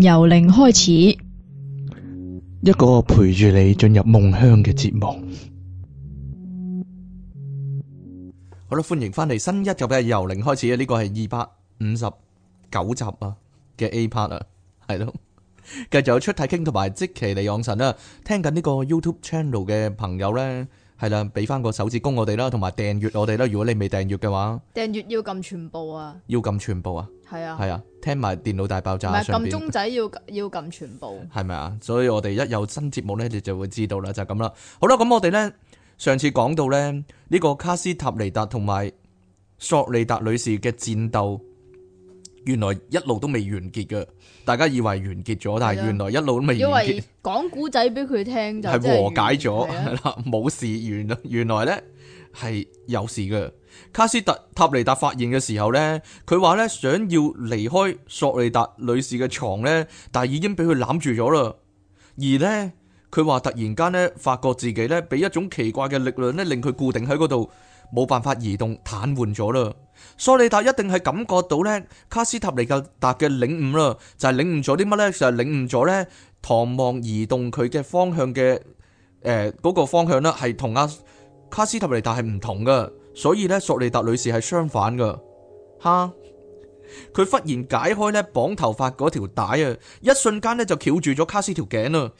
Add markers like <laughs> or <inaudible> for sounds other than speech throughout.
由零開始，一個陪住你進入夢鄉嘅節目。 <laughs> 好啦，歡迎翻嚟新一集嘅由零開始呢個係二百五十九集啊嘅 A Part 啊，係 <laughs> 咯，繼續出體傾同埋即其嚟養神啦。聽緊呢個 YouTube Channel 嘅朋友咧。係啦，俾翻個手指公我哋啦，同埋訂閱我哋啦。如果你未訂閱嘅話，訂閱要撳全部啊，要撳全部啊，係啊的，係啊，聽埋電腦大爆炸。唔係撳鐘仔面要要撳全部，係咪啊？所以我哋一有新節目呢，你就會知道啦，就係咁啦。好啦，咁我哋呢，上次講到呢，呢個卡斯塔尼達同埋索利達女士嘅戰鬥，原來一路都未完結嘅。大家以為完結咗，但係原來一路都未完結。講古仔俾佢聽就係、是、和解咗，係啦，冇事完啦。原來咧係有事嘅。卡斯特塔尼達發現嘅時候咧，佢話咧想要離開索利達女士嘅床咧，但係已經俾佢攬住咗啦。而咧佢話突然間咧發覺自己咧俾一種奇怪嘅力量咧令佢固定喺嗰度，冇辦法移動，癱瘓咗啦。索利達一定係感覺到咧，卡斯塔尼達嘅領悟啦，就係領悟咗啲乜咧？就係領悟咗咧，唐望移動佢嘅方向嘅，誒嗰個方向咧，係同阿卡斯塔尼達係唔同噶，所以咧索利達女士係相反噶。哈！佢忽然解開咧綁頭髮嗰條帶啊，一瞬間咧就翹住咗卡斯條頸啦。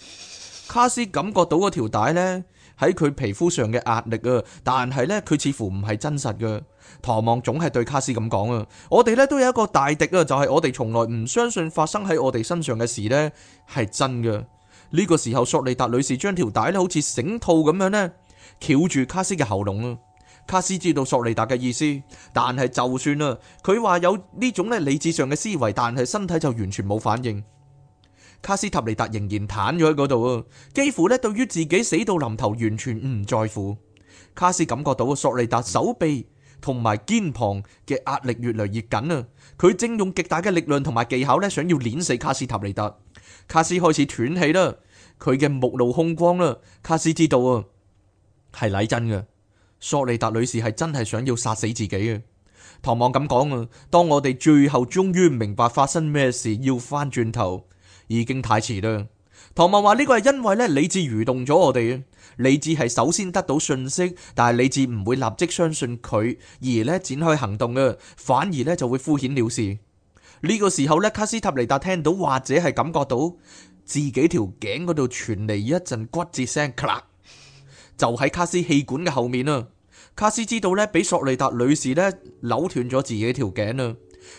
卡斯感覺到嗰條帶咧。喺佢皮膚上嘅壓力啊，但係呢，佢似乎唔係真實噶。唐望總係對卡斯咁講啊，我哋呢都有一個大敵啊，就係我哋從來唔相信發生喺我哋身上嘅事呢係真噶。呢個時候，索利達女士將條帶咧好似繩套咁樣呢，翹住卡斯嘅喉嚨啊。卡斯知道索利達嘅意思，但係就算啊，佢話有呢種咧理智上嘅思維，但係身體就完全冇反應。卡斯塔尼達仍然癱咗喺嗰度啊，幾乎咧對於自己死到臨頭完全唔在乎。卡斯感覺到索利達手臂同埋肩膀嘅壓力越嚟越緊啊，佢正用極大嘅力量同埋技巧咧，想要碾死卡斯塔尼達。卡斯開始斷氣啦，佢嘅目露凶光啦。卡斯知道啊，係嚟真嘅，索利達女士係真係想要殺死自己啊。唐望咁講啊，當我哋最後終於明白發生咩事，要翻轉頭。已經太遲啦！唐望話呢個係因為呢理智愚動咗我哋啊，理智係首先得到信息，但係理智唔會立即相信佢而呢展開行動啊，反而呢就會敷衍了事。呢、這個時候呢，卡斯塔尼達聽到或者係感覺到自己條頸嗰度傳嚟一陣骨折聲，咔啦，就喺卡斯氣管嘅後面啊！卡斯知道呢，俾索利達女士呢扭斷咗自己條頸啊！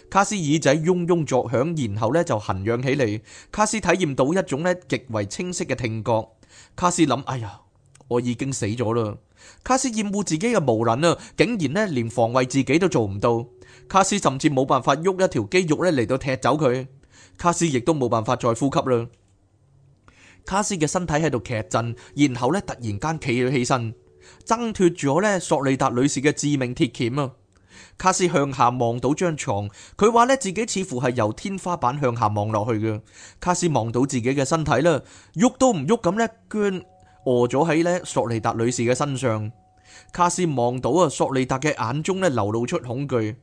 卡斯耳仔嗡嗡作響，然後咧就痕癢起嚟。卡斯體驗到一種咧極為清晰嘅聽覺。卡斯諗：哎呀，我已經死咗啦！卡斯厭惡自己嘅無能啊，竟然呢連防衛自己都做唔到。卡斯甚至冇辦法喐一條肌肉咧嚟到踢走佢。卡斯亦都冇辦法再呼吸啦。卡斯嘅身體喺度劇震，然後咧突然間企咗起身，掙脫咗咧索利達女士嘅致命鐵鉗啊！卡斯向下望到張床，佢話咧自己似乎係由天花板向下望落去嘅。卡斯望到自己嘅身體啦，喐都唔喐咁咧，捲臥咗喺呢索尼達女士嘅身上。卡斯望到啊，索尼達嘅眼中咧流露出恐懼。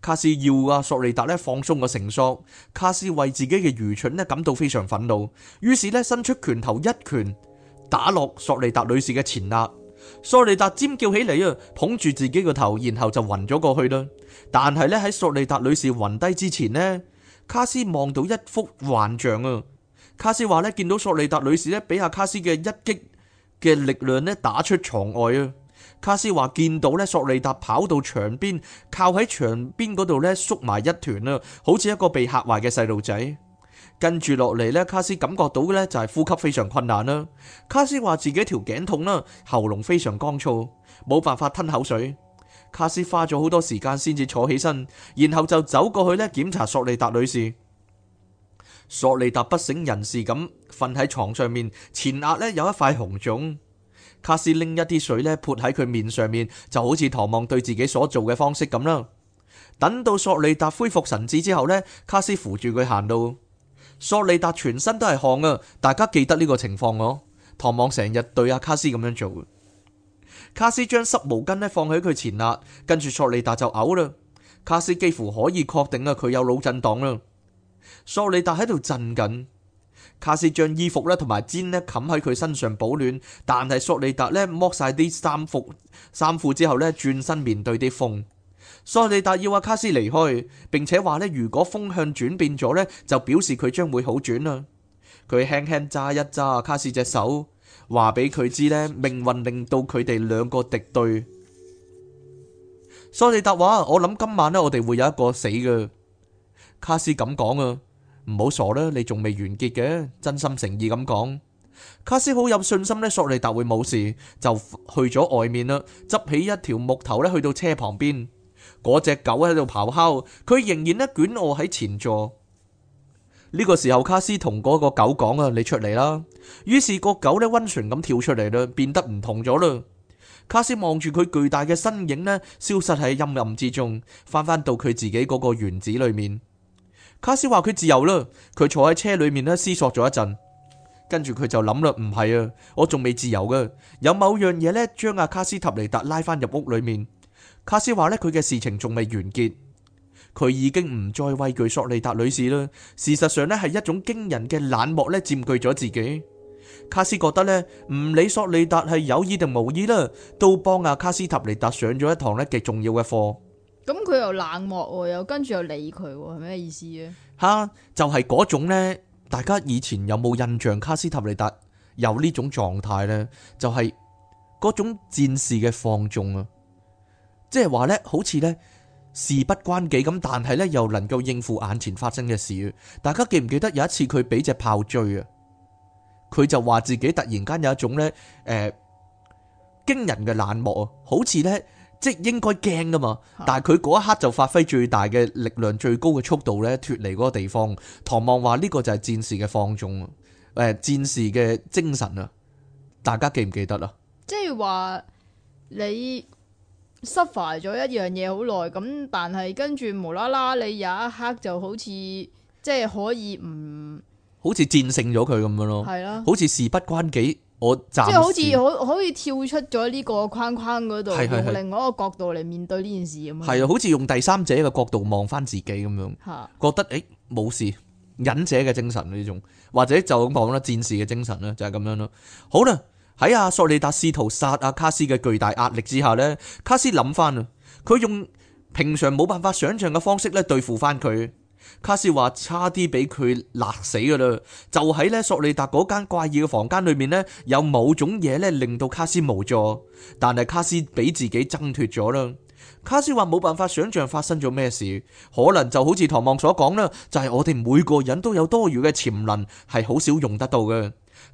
卡斯要啊，索尼達咧放鬆個繩索。卡斯為自己嘅愚蠢呢感到非常憤怒，於是呢伸出拳頭一拳打落索尼達女士嘅前額。索利達尖叫起嚟啊，捧住自己個頭，然後就暈咗過去啦。但係咧喺索利達女士暈低之前呢，卡斯望到一幅幻象啊。卡斯話咧見到索利達女士咧俾阿卡斯嘅一擊嘅力量咧打出床外啊。卡斯話見到咧索利達跑到牆邊，靠喺牆邊嗰度咧縮埋一團啦，好似一個被嚇壞嘅細路仔。跟住落嚟呢，卡斯感覺到嘅呢就係呼吸非常困難啦。卡斯話自己條頸痛啦，喉嚨非常乾燥，冇辦法吞口水。卡斯花咗好多時間先至坐起身，然後就走過去呢檢查索利達女士。索利達不省人事咁瞓喺床上面，前額呢有一塊紅腫。卡斯拎一啲水呢，潑喺佢面上面，就好似唐望對自己所做嘅方式咁啦。等到索利達恢復神智之後呢，卡斯扶住佢行路。索利達全身都係汗啊！大家記得呢個情況哦。唐望成日對阿卡斯咁樣做。卡斯將濕毛巾呢放喺佢前額，跟住索利達就嘔啦。卡斯幾乎可以確定啊，佢有腦震盪啦。索利達喺度震緊。卡斯將衣服呢同埋氈呢冚喺佢身上保暖，但係索利達呢剝晒啲衫服衫褲之後呢轉身面對啲風。索利達要阿卡斯離開，並且話咧，如果風向轉變咗呢，就表示佢將會好轉啦。佢輕輕揸一揸卡斯隻手，話俾佢知呢，命運令到佢哋兩個敵對。索利達話：我諗今晚呢，我哋會有一個死嘅。卡斯咁講啊，唔好傻啦，你仲未完結嘅，真心誠意咁講。卡斯好有信心呢，索利達會冇事，就去咗外面啦，執起一條木頭呢，去到車旁邊。嗰隻狗喺度咆哮，佢仍然咧卷我喺前座。呢個時候，卡斯同嗰個狗講啊，你出嚟啦。於是個狗呢溫順咁跳出嚟啦，變得唔同咗啦。卡斯望住佢巨大嘅身影呢，消失喺陰暗之中，翻返到佢自己嗰個園子裏面。卡斯話佢自由啦，佢坐喺車裏面咧思索咗一陣，跟住佢就諗啦，唔係啊，我仲未自由噶，有某樣嘢呢，將阿卡斯塔尼達拉返入屋裏面。卡斯話咧佢嘅事情仲未完結，佢已經唔再畏懼索，索利達女士啦。事實上呢，係一種驚人嘅冷漠咧佔據咗自己。卡斯覺得呢，唔理索利達係有意定無意啦，都幫阿卡斯塔尼達上咗一堂呢極重要嘅課。咁佢又冷漠又跟住又理佢，係咩意思咧？吓，就係嗰種呢，大家以前有冇印象卡斯塔尼達有呢種狀態呢，就係嗰種戰士嘅放縱啊！即係話呢，好似呢事不關己咁，但係呢又能夠應付眼前發生嘅事。大家記唔記得有一次佢俾隻炮追啊？佢就話自己突然間有一種呢誒，驚人嘅冷漠啊，好似呢即係應該驚噶嘛，但係佢嗰一刻就發揮最大嘅力量、最高嘅速度呢脫離嗰個地方。唐望話呢個就係戰士嘅放縱，誒、呃、戰士嘅精神啊！大家記唔記得啊？即係話你。失敗咗一樣嘢好耐，咁但係跟住無啦啦，你有一刻就好似即係可以唔，好似戰勝咗佢咁樣咯，係啦的，好似事不關己，我暫即係好似可可以跳出咗呢個框框嗰度，用的另外一個角度嚟面對呢件事咁樣，係啊的，好似用第三者嘅角度望翻自己咁樣，吓的，覺得誒冇、欸、事，忍者嘅精神呢種，或者就咁講啦，戰士嘅精神啦，就係、是、咁樣咯，好啦。喺阿索利達試圖殺阿卡斯嘅巨大壓力之下呢，卡斯諗翻啦，佢用平常冇辦法想象嘅方式咧，對付翻佢。卡斯話差啲俾佢勒死噶啦，就喺呢索利達嗰間怪異嘅房間裏面呢，有某種嘢咧，令到卡斯無助，但係卡斯俾自己掙脫咗啦。卡斯話冇辦法想象發生咗咩事，可能就好似唐望所講啦，就係我哋每個人都有多餘嘅潛能，係好少用得到嘅。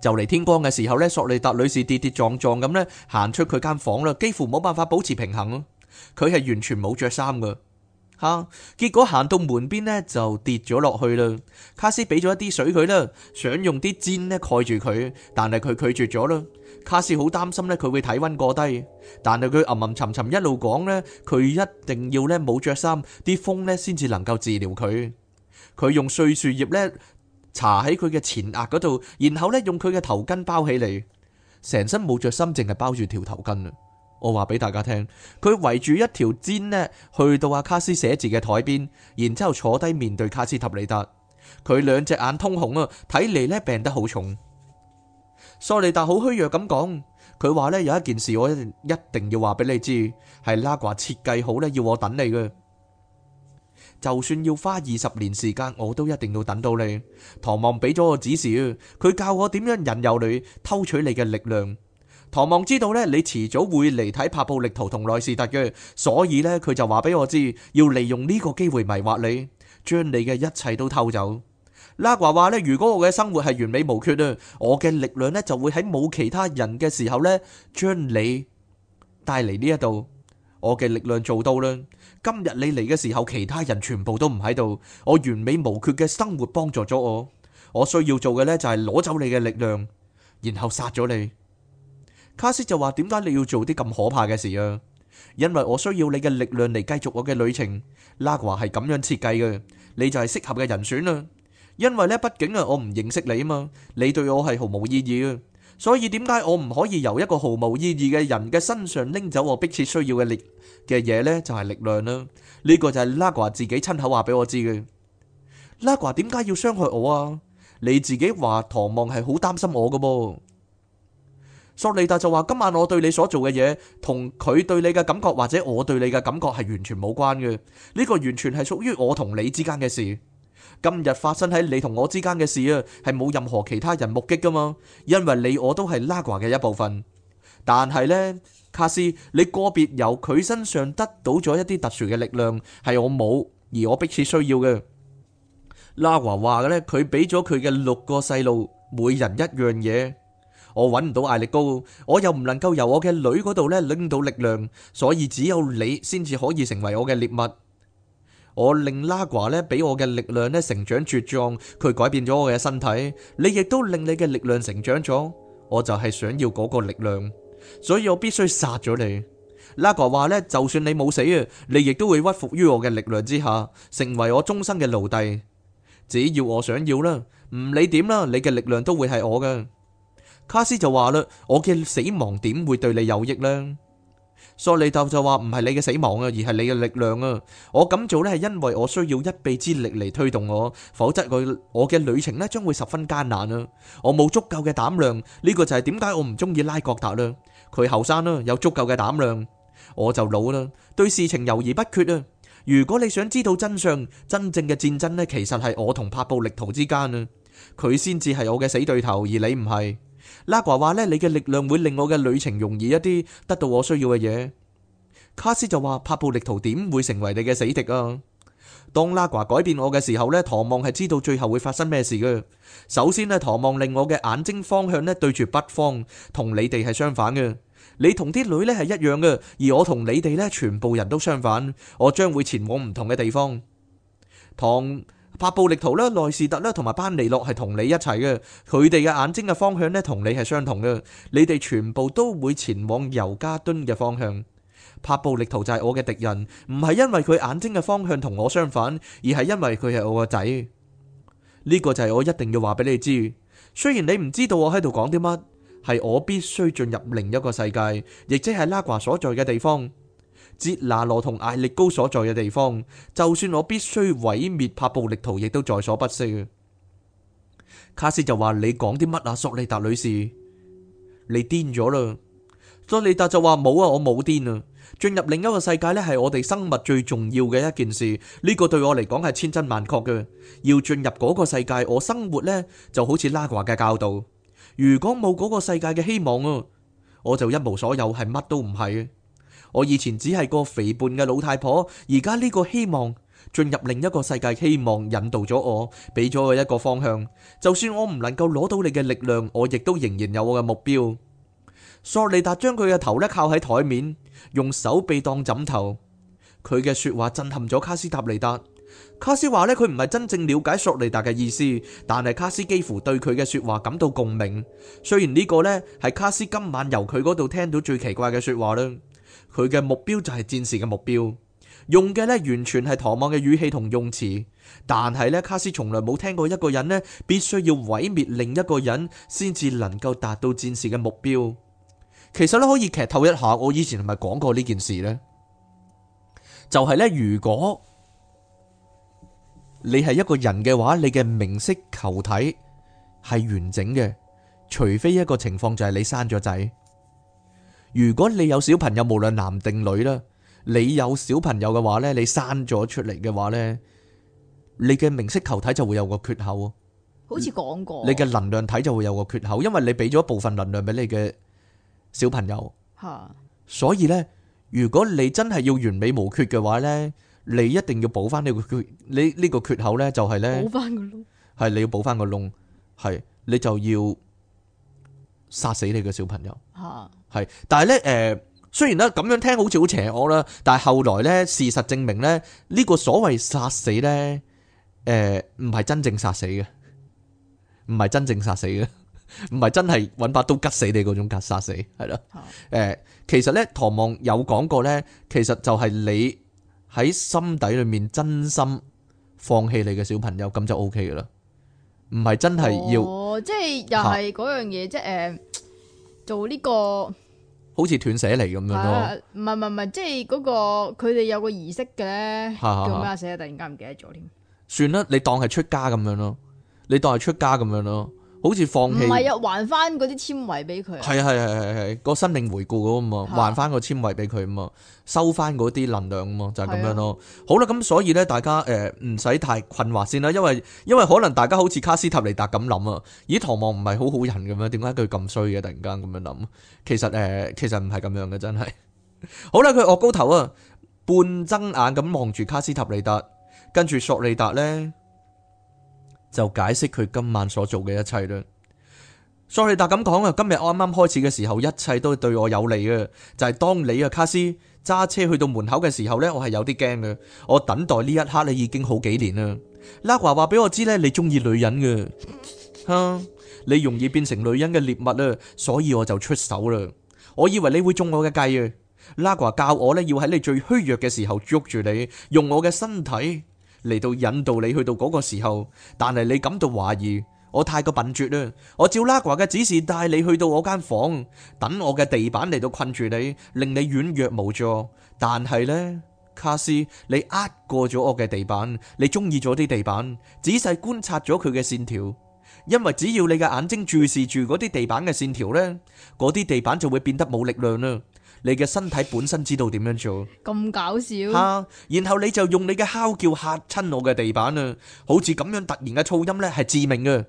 就嚟天光嘅時候呢，索利達女士跌跌撞撞咁呢行出佢間房啦，幾乎冇辦法保持平衡咯。佢係完全冇着衫噶吓，結果行到門邊呢，就跌咗落去啦。卡斯俾咗一啲水佢啦，想用啲氈呢蓋住佢，但係佢拒絕咗啦。卡斯好擔心呢，佢會體溫過低，但係佢吟吟沉沉一路講呢，佢一定要呢冇着衫，啲風呢先至能夠治療佢。佢用碎樹葉呢。搽喺佢嘅前額嗰度，然後咧用佢嘅頭巾包起嚟，成身冇着衫，淨係包住條頭巾。我話俾大家聽，佢圍住一條氈呢，去到阿卡斯寫字嘅台邊，然之後坐低面對卡斯塔尼達，佢兩隻眼通紅啊，睇嚟咧病得好重。索利達好虛弱咁講，佢話咧，有一件事我一定一定要話俾你知，係拉華設計好咧要我等你嘅。就算要花二十年時間，我都一定要等到你。唐望俾咗我指示，佢教我點樣引誘你偷取你嘅力量。唐望知道呢，你遲早會嚟睇拍布力圖同內士特嘅，所以呢，佢就話俾我知，要利用呢個機會迷惑你，將你嘅一切都偷走。拉華話呢，如果我嘅生活係完美無缺啊，我嘅力量呢就會喺冇其他人嘅時候呢將你帶嚟呢一度，我嘅力量做到啦。今日你嚟嘅時候，其他人全部都唔喺度。我完美無缺嘅生活幫助咗我。我需要做嘅呢就係攞走你嘅力量，然後殺咗你。卡斯就話：點解你要做啲咁可怕嘅事啊？因為我需要你嘅力量嚟繼續我嘅旅程。拉格華係咁樣設計嘅，你就係適合嘅人選啦。因為呢，畢竟啊，我唔認識你啊嘛，你對我係毫無意義啊。所以點解我唔可以由一個毫無意義嘅人嘅身上拎走我迫切需要嘅力嘅嘢呢？就係、是、力量啦！呢、這個就係拉瓜自己親口話俾我知嘅。拉瓜點解要傷害我啊？你自己話唐望係好擔心我㗎噃。索利達就話今晚我對你所做嘅嘢，同佢對你嘅感覺或者我對你嘅感覺係完全冇關嘅。呢、這個完全係屬於我同你之間嘅事。今日發生喺你同我之間嘅事啊，係冇任何其他人目擊噶嘛？因為你我都係拉華嘅一部分，但係呢，卡斯，你個別由佢身上得到咗一啲特殊嘅力量，係我冇，而我迫切需要嘅。拉華話嘅呢，佢俾咗佢嘅六個細路每人一樣嘢。我揾唔到艾力高，我又唔能夠由我嘅女嗰度呢拎到力量，所以只有你先至可以成為我嘅獵物。我令拉瓜咧俾我嘅力量咧成長茁壯，佢改變咗我嘅身體。你亦都令你嘅力量成長咗。我就係想要嗰個力量，所以我必須殺咗你。拉瓜話咧，就算你冇死啊，你亦都會屈服於我嘅力量之下，成為我終生嘅奴隸。只要我想要啦，唔理點啦，你嘅力量都會係我嘅。卡斯就話啦，我嘅死亡點會對你有益呢？」索利斗就話，唔係你嘅死亡啊，而係你嘅力量啊！我咁做呢係因為我需要一臂之力嚟推動我，否則我我嘅旅程咧將會十分艱難啊！我冇足夠嘅膽量，呢個就係點解我唔中意拉國達啦。佢後生啦，有足夠嘅膽量，我就老啦，對事情猶豫不決啊！如果你想知道真相，真正嘅戰爭咧其實係我同帕布力圖之間啊，佢先至係我嘅死對頭，而你唔係。拉瓜話呢，你嘅力量會令我嘅旅程容易一啲，得到我需要嘅嘢。卡斯就話，拍布力圖點會成為你嘅死敵啊？當拉瓜改變我嘅時候呢，唐望係知道最後會發生咩事嘅。首先呢，唐望令我嘅眼睛方向呢對住北方，同你哋係相反嘅。你同啲女呢係一樣嘅，而我同你哋呢全部人都相反，我將會前往唔同嘅地方。唐。帕布力圖咧，內士特咧，同埋班尼諾係同你一齊嘅，佢哋嘅眼睛嘅方向呢，同你係相同嘅，你哋全部都會前往尤加敦嘅方向。帕布力圖就係我嘅敵人，唔係因為佢眼睛嘅方向同我相反，而係因為佢係我個仔。呢、這個就係我一定要話俾你知，雖然你唔知道我喺度講啲乜，係我必須進入另一個世界，亦即係拉瓜所在嘅地方。傑拿羅同艾力高所在嘅地方，就算我必須毀滅帕布力圖，亦都在所不惜。卡斯就話：你講啲乜啊，索利達女士？你癲咗啦！索利達就話：冇啊，我冇癲啊！進入另一個世界呢，係我哋生物最重要嘅一件事。呢、這個對我嚟講係千真萬確嘅。要進入嗰個世界，我生活呢就好似拉瓜嘅教導。如果冇嗰個世界嘅希望，啊，我就一無所有，係乜都唔係。我以前只係個肥胖嘅老太婆，而家呢個希望進入另一個世界，希望引導咗我，俾咗我一個方向。就算我唔能夠攞到你嘅力量，我亦都仍然有我嘅目標。索利達將佢嘅頭咧靠喺台面，用手臂當枕頭。佢嘅說話震撼咗卡斯塔尼達。卡斯話咧，佢唔係真正了解索利達嘅意思，但係卡斯幾乎對佢嘅說話感到共鳴。雖然呢個呢係卡斯今晚由佢嗰度聽到最奇怪嘅說話啦。佢嘅目標就係戰士嘅目標，用嘅咧完全係唐望嘅語氣同用詞，但係咧卡斯從來冇聽過一個人咧必須要毀滅另一個人先至能夠達到戰士嘅目標。其實咧可以劇透一下，我以前係咪講過呢件事呢？就係呢：如果你係一個人嘅話，你嘅明色球體係完整嘅，除非一個情況就係你生咗仔。如果你有小朋友，無論男定女啦，你有小朋友嘅話咧，你生咗出嚟嘅話咧，你嘅明色球體就會有個缺口，好似講過。你嘅能量體就會有個缺口，因為你俾咗一部分能量俾你嘅小朋友。吓，所以咧，如果你真係要完美無缺嘅話咧，你一定要補翻呢個缺，你呢個缺口咧就係咧，補翻個窿，係你要補翻個窿，係你就要，殺死你嘅小朋友，係、啊，但係咧，誒、呃，雖然咧咁樣聽好似好邪惡啦，但係後來咧，事實證明咧，呢、這個所謂殺死咧，誒、呃，唔係真正殺死嘅，唔係真正殺死嘅，唔 <laughs> 係真係揾把刀吉死你嗰種格殺死，係咯，誒、啊，其實咧，唐望有講過咧，其實就係你喺心底裏面真心放棄你嘅小朋友，咁就 O K 噶啦。唔係真係要，即係又係嗰樣嘢，即係誒，啊、做呢、呢個好似斷捨離咁樣咯、啊。唔係唔係唔係，即係嗰、嗰個佢哋有個儀式嘅咧，啊、叫咩啊？突然間唔記得咗添。算啦，你當係出家咁樣咯，你當係出家咁樣咯。好似放棄唔係啊，還翻嗰啲纖維俾佢。係啊係係係係，個生命回顧咁啊，還翻個纖維俾佢啊，收翻嗰啲能量咁啊，就係咁樣咯。好啦，咁所以咧，大家誒唔使太困惑先啦，因為因為可能大家好似卡斯塔尼達咁諗啊，咦，唐望唔係好好人咁樣，點解佢咁衰嘅？突然間咁樣諗，其實誒、呃，其實唔係咁樣嘅，真係。 <laughs> 好啦，佢惡高頭啊，半睜眼咁望住卡斯塔尼達，跟住索利達咧。就解釋佢今晚所做嘅一切啦。索利達咁講啊，今日我啱啱開始嘅時候，一切都對我有利啊。就係當你啊，卡斯揸車去到門口嘅時候呢，我係有啲驚嘅。我等待呢一刻你已經好幾年啦。拉華話俾我知呢，你中意女人嘅，吓你容易變成女人嘅獵物啦，所以我就出手啦。我以為你會中我嘅計啊。拉華教我呢，要喺你最虛弱嘅時候捉住你，用我嘅身體。嚟到引導你去到嗰個時候，但係你感到懷疑，我太過笨拙啦。我照拉瓜嘅指示帶你去到我間房，等我嘅地板嚟到困住你，令你軟弱無助。但係呢，卡斯，你呃過咗我嘅地板，你中意咗啲地板，仔細觀察咗佢嘅線條，因為只要你嘅眼睛注視住嗰啲地板嘅線條呢，嗰啲地板就會變得冇力量啦。你嘅身體本身知道點樣做，咁搞笑。吓，然後你就用你嘅嚎叫嚇親我嘅地板啦，好似咁樣突然嘅噪音咧，係致命嘅，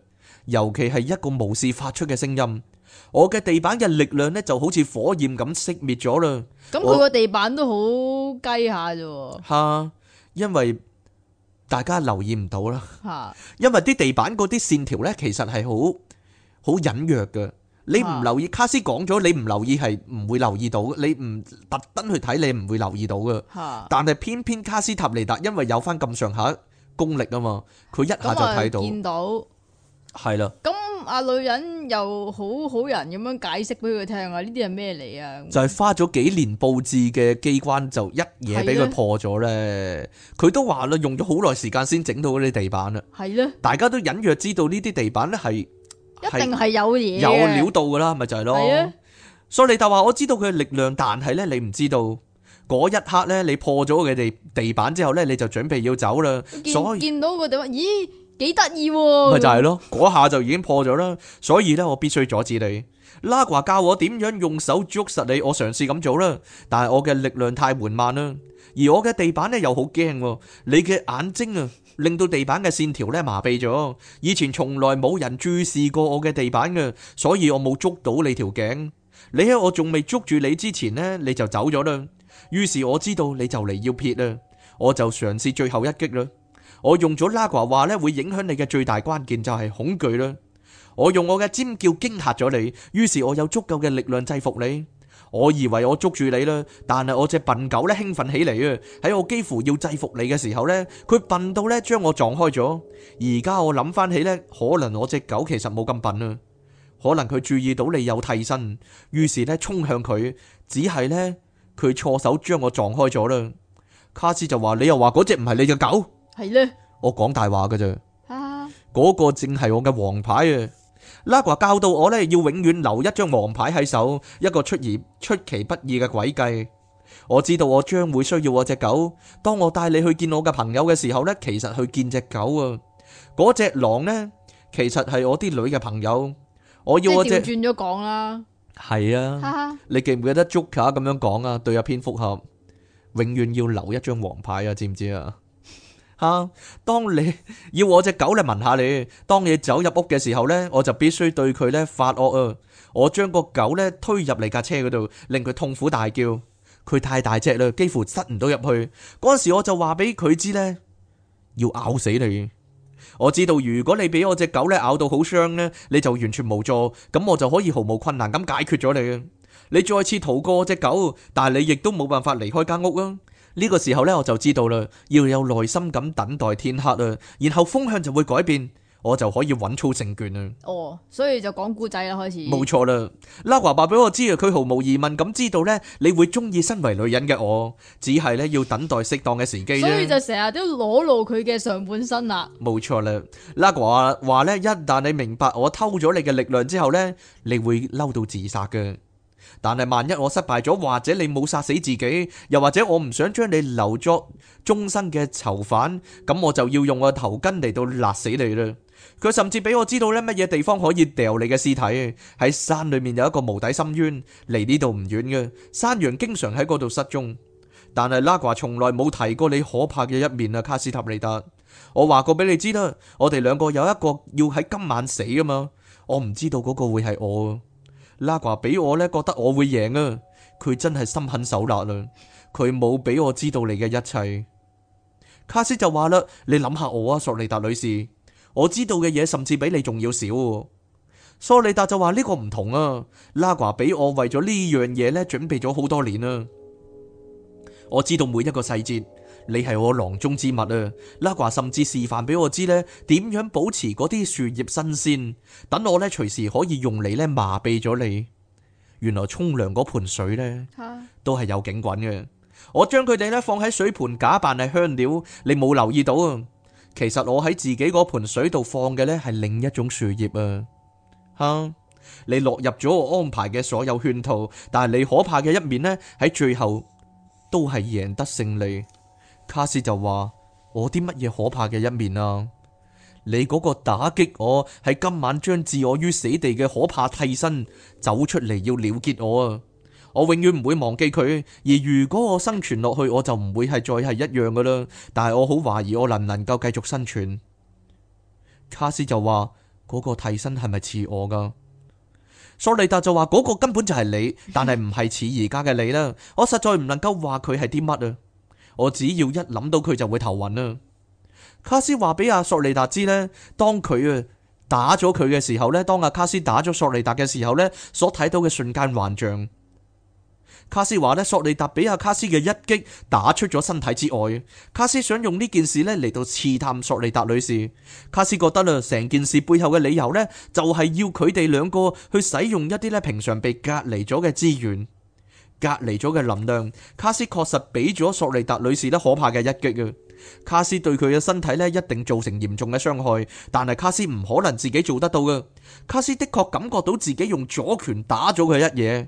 尤其係一個巫士發出嘅聲音，我嘅地板嘅力量咧就好似火焰咁熄滅咗啦。咁佢個地板都好雞下啫。吓，因為大家留意唔到啦。吓，因為啲地板嗰啲線條咧，其實係好好隱約嘅。你唔留意，卡斯講咗，你唔留意係唔會留意到。你唔特登去睇，你唔會留意到嘅。但係偏偏卡斯塔尼達，因為有翻咁上下功力啊嘛，佢一下就睇到。見到係啦。咁阿的女人又好好人咁樣解釋俾佢聽啊，呢啲係咩嚟啊？就係花咗幾年佈置嘅機關，就一嘢俾佢破咗咧。佢的都話啦，用咗好耐時間先整到嗰啲地板啦。係咧的，大家都隱約知道呢啲地板咧係一定係有嘢，有料到噶啦，咪就係咯。所以你就話我知道佢嘅力量，但係咧你唔知道嗰一刻咧，你破咗佢哋地板之後咧，你就準備要走啦。見，見到個地方，咦，幾得意喎。咪就係咯，嗰下就已經破咗啦。所以咧，我必須阻止你。拉呱教我點樣用手捉實你，我嘗試咁做啦，但係我嘅力量太緩慢啦，而我嘅地板咧又好驚喎。你嘅眼睛啊！令到地板嘅線條咧麻痹咗，以前從來冇人注視過我嘅地板嘅，所以我冇捉到你條頸。你喺我仲未捉住你之前呢，你就走咗啦。於是我知道你就嚟要撇啦，我就嘗試最後一擊啦。我用咗拉瓜話呢，會影響你嘅最大關鍵就係恐懼啦。我用我嘅尖叫驚嚇咗你，於是我有足夠嘅力量制服你。我以為我捉住你啦，但係我隻笨狗咧興奮起嚟啊！喺我幾乎要制服你嘅時候呢，佢笨到咧將我撞開咗。而家我諗翻起呢，可能我隻狗其實冇咁笨啊，可能佢注意到你有替身，於是呢衝向佢，只係呢，佢錯手將我撞開咗啦。卡斯就話：你又話嗰隻唔係你隻狗？係呢的？我講大話噶咋？嗰看個正係我嘅王牌啊！拉瓜教到我咧，要永遠留一張王牌喺手，一個出而出其不意嘅詭計。我知道我將會需要我隻狗。當我帶你去見我嘅朋友嘅時候咧，其實去見隻狗啊。嗰隻狼咧，其實係我啲女嘅朋友。我要我隻。倒轉咗講啦？係啊， <laughs> 你記唔記得 Joker 咁樣講啊？對啊，蝙蝠俠永遠要留一張王牌啊，知唔知啊？吓、啊！當你要我隻狗嚟聞下你，當你走入屋嘅時候呢，我就必須對佢咧發惡啊！我將個狗咧推入嚟架車嗰度，令佢痛苦大叫。佢太大隻啦，幾乎塞唔到入去。嗰時我就話俾佢知呢，要咬死你。我知道如果你俾我隻狗咧咬到好傷呢，你就完全無助，咁我就可以毫無困難咁解決咗你！你再次逃過我隻狗，但你亦都冇辦法離開間屋啊！呢個時候咧，我就知道啦，要有耐心咁等待天黑啦，然後風向就會改變，我就可以穩操勝券啦。哦，所以就講故仔啦，開始。冇錯啦，拉華話俾我知啊，佢毫無疑問咁知道咧，你會中意身為女人嘅我，只係咧要等待適當嘅時機。所以就成日都裸露佢嘅上半身啦。冇錯啦，拉華話咧，一旦你明白我偷咗你嘅力量之後咧，你會嬲到自殺噶。但係萬一我失敗咗，或者你冇殺死自己，又或者我唔想將你留作終身嘅囚犯，咁我就要用我頭巾嚟到勒死你啦。佢甚至俾我知道咩乜嘢地方可以掉你嘅屍體，喺山裏面有一個無底深淵，離呢度唔遠嘅。山羊經常喺嗰度失蹤。但係拉瓜從來冇提過你可怕嘅一面啊，卡斯塔尼達。我話過俾你知啦，我哋兩個有一個要喺今晚死㗎嘛。我唔知道嗰個會係我。拉華俾我咧，覺得我會贏啊！佢真係心狠手辣啦，啊，佢冇俾我知道你嘅一切。卡斯就話啦，你諗下我啊，索利達女士，我知道嘅嘢，甚至比你仲要少，啊。索利達就話呢個唔同啊，拉華俾我為咗呢樣嘢咧，準備咗好多年啦，啊，我知道每一個細節。你係我囊中之物啊！拉瓜甚至示範俾我知呢點樣保持嗰啲樹葉新鮮，等我呢隨時可以用嚟呢麻痹咗你。原來沖涼嗰盆水呢，都係有景轟嘅。我將佢哋呢放喺水盆假扮係香料，你冇留意到啊？其實我喺自己嗰盆水度放嘅呢係另一種樹葉啊。吓，你落入咗我安排嘅所有圈套，但係你可怕嘅一面呢，喺最後都係贏得勝利。卡斯就話：我啲乜嘢可怕嘅一面啊？你嗰個打擊我，係今晚將置我於死地嘅可怕替身走出嚟，要了結我啊！我永遠唔會忘記佢。而如果我生存落去，我就唔會係再係一樣噶啦。但係我好懷疑我能唔能夠繼續生存。卡斯就話：嗰個替身係咪似我噶？索利達就話：嗰個根本就係你，但係唔係似而家嘅你啦。我實在唔能夠話佢係啲乜啊！我只要一諗到佢就會頭暈啦。卡斯話俾阿索利達知咧，當佢啊打咗佢嘅時候咧，當阿卡斯打咗索利達嘅時候咧，所睇到嘅瞬間幻象。卡斯話咧，索利達俾阿卡斯嘅一擊打出咗身體之外。卡斯想用呢件事咧嚟到刺探索利達女士。卡斯覺得啦，成件事背後嘅理由咧，就係要佢哋兩個去使用一啲咧平常被隔離咗嘅資源。隔離咗嘅能量，卡斯確實俾咗索利達女士咧可怕嘅一擊啊！卡斯對佢嘅身體咧一定造成嚴重嘅傷害，但係卡斯唔可能自己做得到噶。卡斯的確感覺到自己用左拳打咗佢一嘢，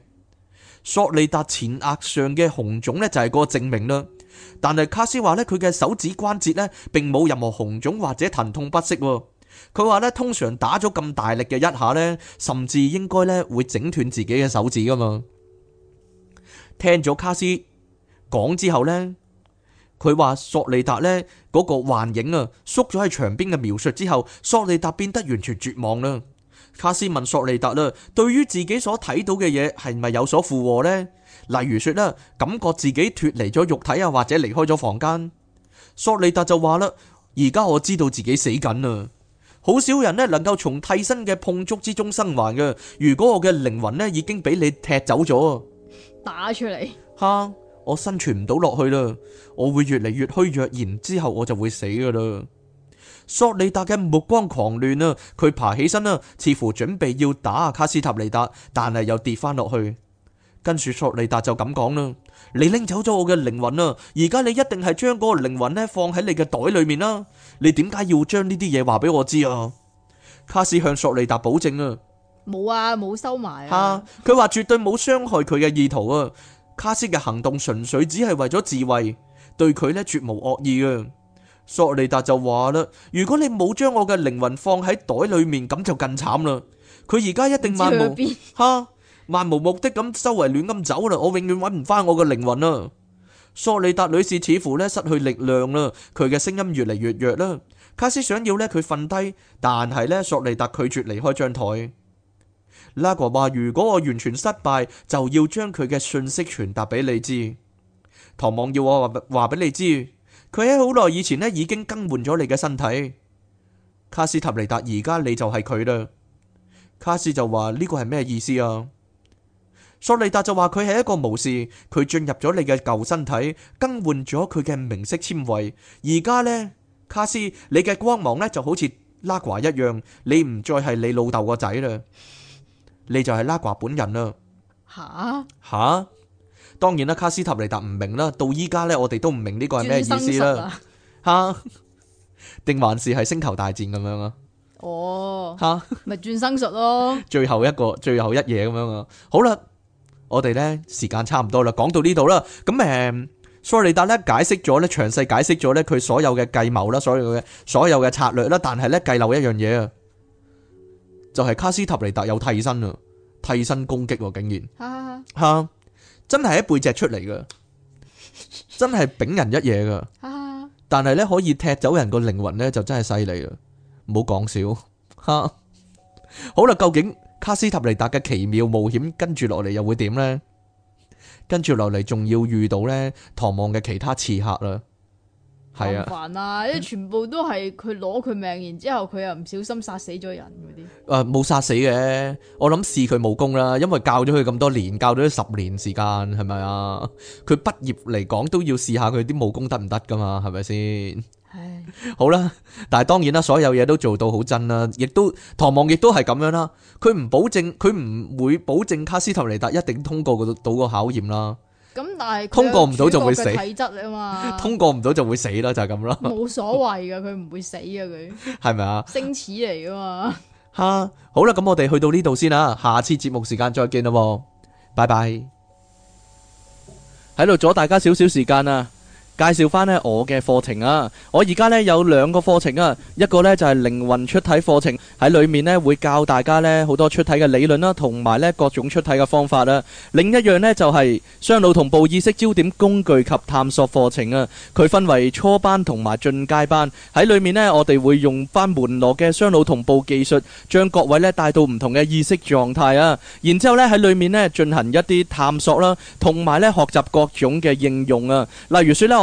索利達前額上嘅紅腫咧就係個證明啦。但係卡斯話呢，佢嘅手指關節呢並冇任何紅腫或者疼痛不適。佢話呢，通常打咗咁大力嘅一下呢，甚至應該咧會整斷自己嘅手指噶嘛。聽咗卡斯講之後呢，佢話索利達呢嗰個幻影啊縮咗喺牆邊嘅描述之後，索利達變得完全絕望啦。卡斯問索利達啦，對於自己所睇到嘅嘢係咪有所附和呢？例如說啦，感覺自己脫離咗肉體啊，或者離開咗房間。索利達就話啦，而家我知道自己死緊啦。好少人呢能夠從替身嘅碰觸之中生還嘅。如果我嘅靈魂呢已經俾你踢走咗，打出嚟吓！我生存唔到落去啦，我會越嚟越虛弱，然之後我就會死噶啦。索利達嘅目光狂亂啊，佢爬起身啦、啊，似乎準備要打卡斯塔尼達，但係又跌翻落去。跟住索利達就咁講啦：你拎走咗我嘅靈魂啊，而家你一定係將嗰個靈魂呢放喺你嘅袋裏面啦、啊。你點解要將呢啲嘢話俾我知啊？卡斯向索利達保證啊。冇啊！冇收埋啊！吓，佢話絕對冇傷害佢嘅意圖啊。卡斯嘅行動純粹只係為咗自衛，對佢咧絕無惡意啊。索利達就話啦：如果你冇將我嘅靈魂放喺袋裏面，咁就更慘啦。佢而家一定漫無吓，漫無目的咁周圍亂咁走啦。我永遠揾唔翻我嘅靈魂啦。索利達女士似乎咧失去力量啦，佢嘅聲音越嚟越弱啦。卡斯想要咧佢瞓低，但係咧索利達拒絕離開張台。拉哥話：如果我完全失敗，就要將佢嘅信息傳達俾你知。唐望要我話話俾你知，佢喺好耐以前呢已經更換咗你嘅身體。卡斯塔尼達，而家你就係佢啦。卡斯就話呢個係咩意思啊？索利達就話佢係一個巫士，佢進入咗你嘅舊身體，更換咗佢嘅明色纖維。而家呢，卡斯你嘅光芒呢就好似拉哥一樣，你唔再係你老豆個仔啦。你就係拉呱本人啦。吓吓，當然啦，卡斯塔尼達唔明啦。到依家咧，我哋都唔明呢個係咩意思啦，吓，定還是係星球大戰咁樣啊？哦，吓，咪轉生術咯，最後一個最後一嘢咁樣啊。好啦，我哋咧時間差唔多啦，講到呢度啦，咁誒，蘇利達咧解釋咗咧，詳細解釋咗咧佢所有嘅計謀啦，所有嘅所有嘅策略啦，但係咧，計漏一樣嘢啊。就係卡斯塔尼達有替身啊，替身攻擊、啊、竟然吓， <laughs> 真係一背脊出嚟噶，真係丙人一嘢噶。 <laughs> 但係呢，可以踢走人個靈魂呢，就真係犀利啦。唔好講笑。吓。 <laughs> 好啦，究竟卡斯塔尼達嘅奇妙冒險跟住落嚟又會點呢？跟住落嚟仲要遇到呢，唐望嘅其他刺客啦。係啊，煩啦、嗯，因為全部都係佢攞佢命，然之後佢又唔小心殺死咗人啲。誒、呃，冇殺死嘅，我諗試佢武功啦，因為教咗佢咁多年，教咗十年時間，係咪啊？佢畢業嚟講都要試下佢啲武功得唔得噶嘛？係咪先？係唉。 <laughs> 好啦，但係當然啦，所有嘢都做到好真啦，亦都唐望亦都係咁樣啦。佢唔保證，佢唔會保證卡斯塔尼達一定通過到個考驗啦。咁但係通過唔到就會死體質啊嘛， <laughs> 通過唔到就會死啦，就係咁啦。冇所謂噶，佢唔會死 <laughs> 啊。佢。係咪啊？星矢嚟噶嘛。吓，好啦，咁我哋去到呢度先啦，下次節目時間再見啦，拜拜。喺度阻大家少少時間啊。介紹翻咧我嘅課程啊！我而家咧有兩個課程啊，一個咧就係靈魂出體課程，喺裡面咧會教大家咧好多出體嘅理論啦，同埋咧各種出體嘅方法啦。另一樣咧就係雙腦同步意識焦點工具及探索課程啊。佢分為初班同埋進階班，喺裡面咧我哋會用翻門羅嘅雙腦同步技術，將各位咧帶到唔同嘅意識狀態啊。然之後咧喺裡面咧進行一啲探索啦，同埋咧學習各種嘅應用啊。例如説咧。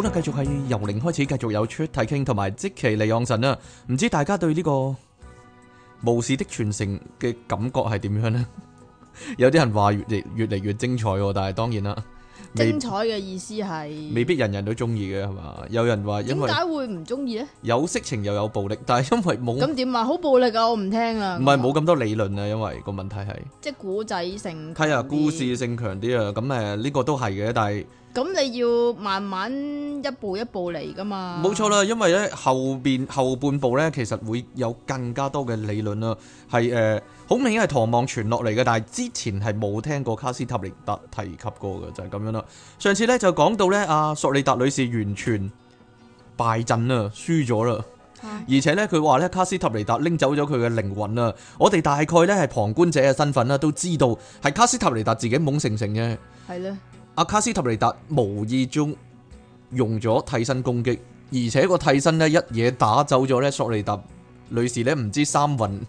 好啦，繼續係由零開始，繼續有出睇傾，同埋即期利昂神啊。唔知大家對呢、這個《巫士的傳承》嘅感覺係點樣呢？ <laughs> 有啲人話越嚟越嚟越精彩，但係當然啦，精彩嘅意思係未必人人都中意嘅，係嘛？有人話因為點解會唔中意咧？有色情又有暴力，但係因為冇咁點話，好暴力啊！我唔聽啊，唔係冇咁多理論啊，因為個問題係即係古仔性，係啊、哎，故事性強啲啊。咁、嗯、誒、呢、這個都係嘅，但係。咁你要慢慢一步一步嚟噶嘛？冇錯啦，因為咧後邊後半部咧，其實會有更加多嘅理論啦。係誒，好、呃、明顯係唐望傳落嚟嘅，但係之前係冇聽過卡斯塔尼達提及過嘅，就係、是、咁樣啦。上次咧就講到咧，阿索里達女士完全敗陣啦，輸咗啦。嗯、而且咧佢話咧，卡斯塔尼達拎走咗佢嘅靈魂啊！我哋大概咧係旁觀者嘅身份啦，都知道係卡斯塔尼達自己懵成成啫。係啦。阿卡斯塔尼達無意中用咗替身攻擊，而且個替身呢一嘢打走咗呢索利達女士呢，唔知三魂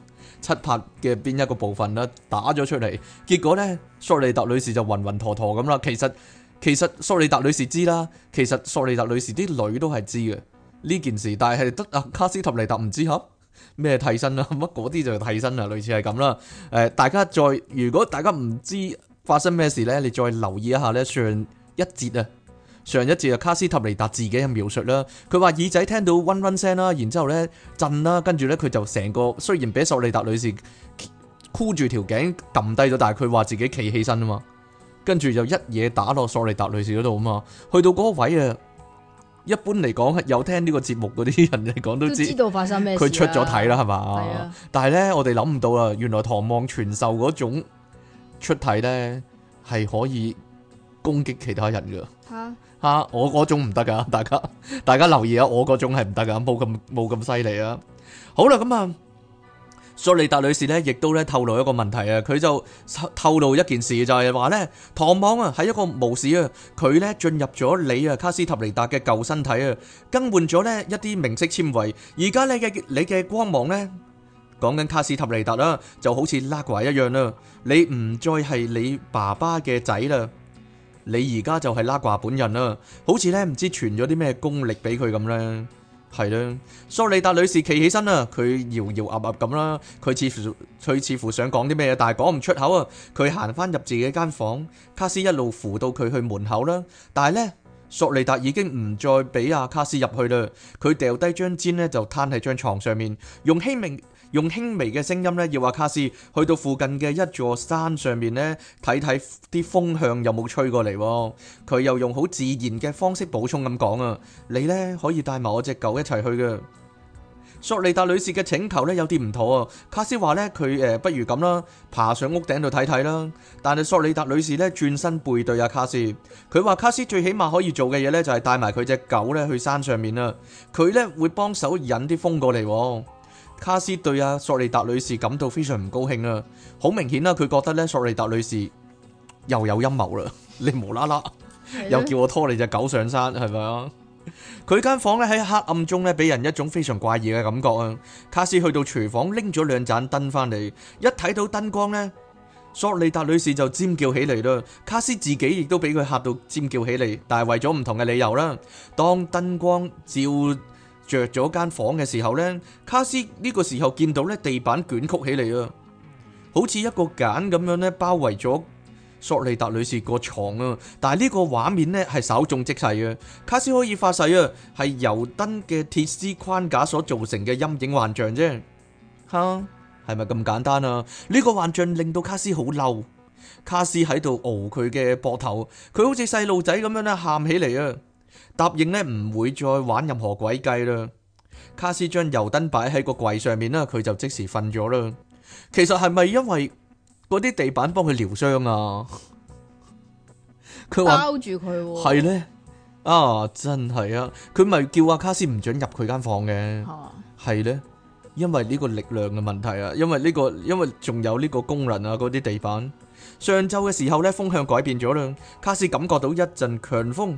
七魄嘅邊一個部分啦，打咗出嚟，結果呢，索利達女士就暈暈陀陀咁啦。其實其實索利達女士知啦，其實索利達女士啲女，士女士都係知嘅呢件事，但係得阿卡斯塔尼達唔知嗬？咩替身啊？乜嗰啲就係替身啊？類似係咁啦。誒，大家再如果大家唔知。發生咩事呢？你再留意一下呢。上一節啊，上一節啊，卡斯塔尼達自己嘅描述啦。佢話耳仔聽到嗡嗡聲啦，然之後呢震啦，跟住呢，佢就成個雖然俾索莉達女士箍住條頸揼低咗，但係佢話自己企起身啊嘛。跟住就一嘢打落索莉達女士嗰度啊嘛。去到嗰個位啊，一般嚟講有聽呢個節目嗰啲人嚟講都知道，都知道發生咩事，佢出咗體啦係嘛？的但係呢，我哋諗唔到啊，原來唐望傳授嗰種。出體咧係可以攻擊其他人噶，吓吓，我嗰種唔得噶，大家大家留意下啊，我嗰種係唔得噶，冇咁冇咁犀利啊。好啦，咁啊，索利達女士咧亦都咧透露一個問題啊，佢就透露一件事就係話咧，唐望啊係一個巫士啊，佢咧進入咗你啊卡斯塔尼達嘅舊身體啊，更換咗咧一啲明色纖維，而家你嘅你嘅光芒咧。講緊卡斯塔尼達啦，就好似拉瓜一樣啦。你唔再係你爸爸嘅仔啦，你而家就係拉瓜本人啦。好似咧唔知傳咗啲咩功力俾佢咁啦。係啦。索利達女士企起身啦，佢搖搖鴨鴨咁啦，佢似乎佢似乎想講啲咩，但係講唔出口啊。佢行翻入自己間房，卡斯一路扶到佢去門口啦。但係呢，索利達已經唔再俾阿卡斯入去啦。佢掉低張氈呢，就攤喺張床上面，用性命。用輕微嘅聲音咧，要話卡斯去到附近嘅一座山上面咧，睇睇啲風向有冇吹過嚟。佢又用好自然嘅方式補充咁講啊，你咧可以帶埋我隻狗一齊去嘅。索莉達女士嘅請求咧有啲唔妥啊。卡斯話咧，佢誒，不如咁啦，爬上屋頂度睇睇啦。但係索莉達女士咧轉身背對阿卡斯，佢話卡斯最起碼可以做嘅嘢咧，就係帶埋佢隻狗咧去山上面啊。佢咧會幫手引啲風過嚟。卡斯對阿索利達女士感到非常唔高興啊！好明顯啦，佢覺得咧索利達女士又有陰謀啦！你無啦啦又叫我拖你隻狗上山係咪啊？佢間房咧喺黑暗中咧俾人一種非常怪異嘅感覺啊！卡斯去到廚房拎咗兩盞燈翻嚟，一睇到燈光咧，索利達女士就尖叫起嚟啦！卡斯自己亦都俾佢吓到尖叫起嚟，但係為咗唔同嘅理由啦。當燈光照。着咗間房嘅時候呢，卡斯呢個時候見到呢地板捲曲起嚟啊，好似一個繭咁樣呢，包圍咗索利達女士個牀啊。但係呢個畫面呢，係稍縱即逝啊，卡斯可以發誓啊係油燈嘅鐵絲框架所造成嘅陰影幻象啫。吓，係咪咁簡單啊？呢個幻象令到卡斯好嬲，卡斯喺度熬佢嘅膊頭，佢好似細路仔咁樣咧喊起嚟啊！答應咧唔會再玩任何詭計啦。卡斯將油燈擺喺個櫃上面啦，佢就即時瞓咗啦。其實係咪因為嗰啲地板幫佢療傷啊？佢包住佢係咧啊，真係啊！佢咪叫阿卡斯唔准入佢間房嘅，係咧，因為呢個力量嘅問題啊，因為呢個因為仲有呢個功能啊，嗰啲地板上晝嘅時候咧風向改變咗啦，卡斯感覺到一陣強風。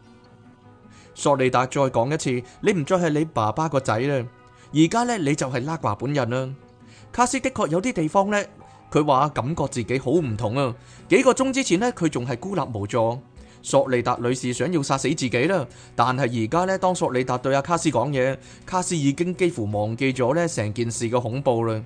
索利達再講一次，你唔再係你爸爸個仔啦，而家咧你就係拉華本人啦。卡斯的確有啲地方咧，佢話感覺自己好唔同啊。幾個鐘之前呢，佢仲係孤立無助。索利達女士想要殺死自己啦，但係而家咧，當索利達對阿卡斯講嘢，卡斯已經幾乎忘記咗咧成件事嘅恐怖啦。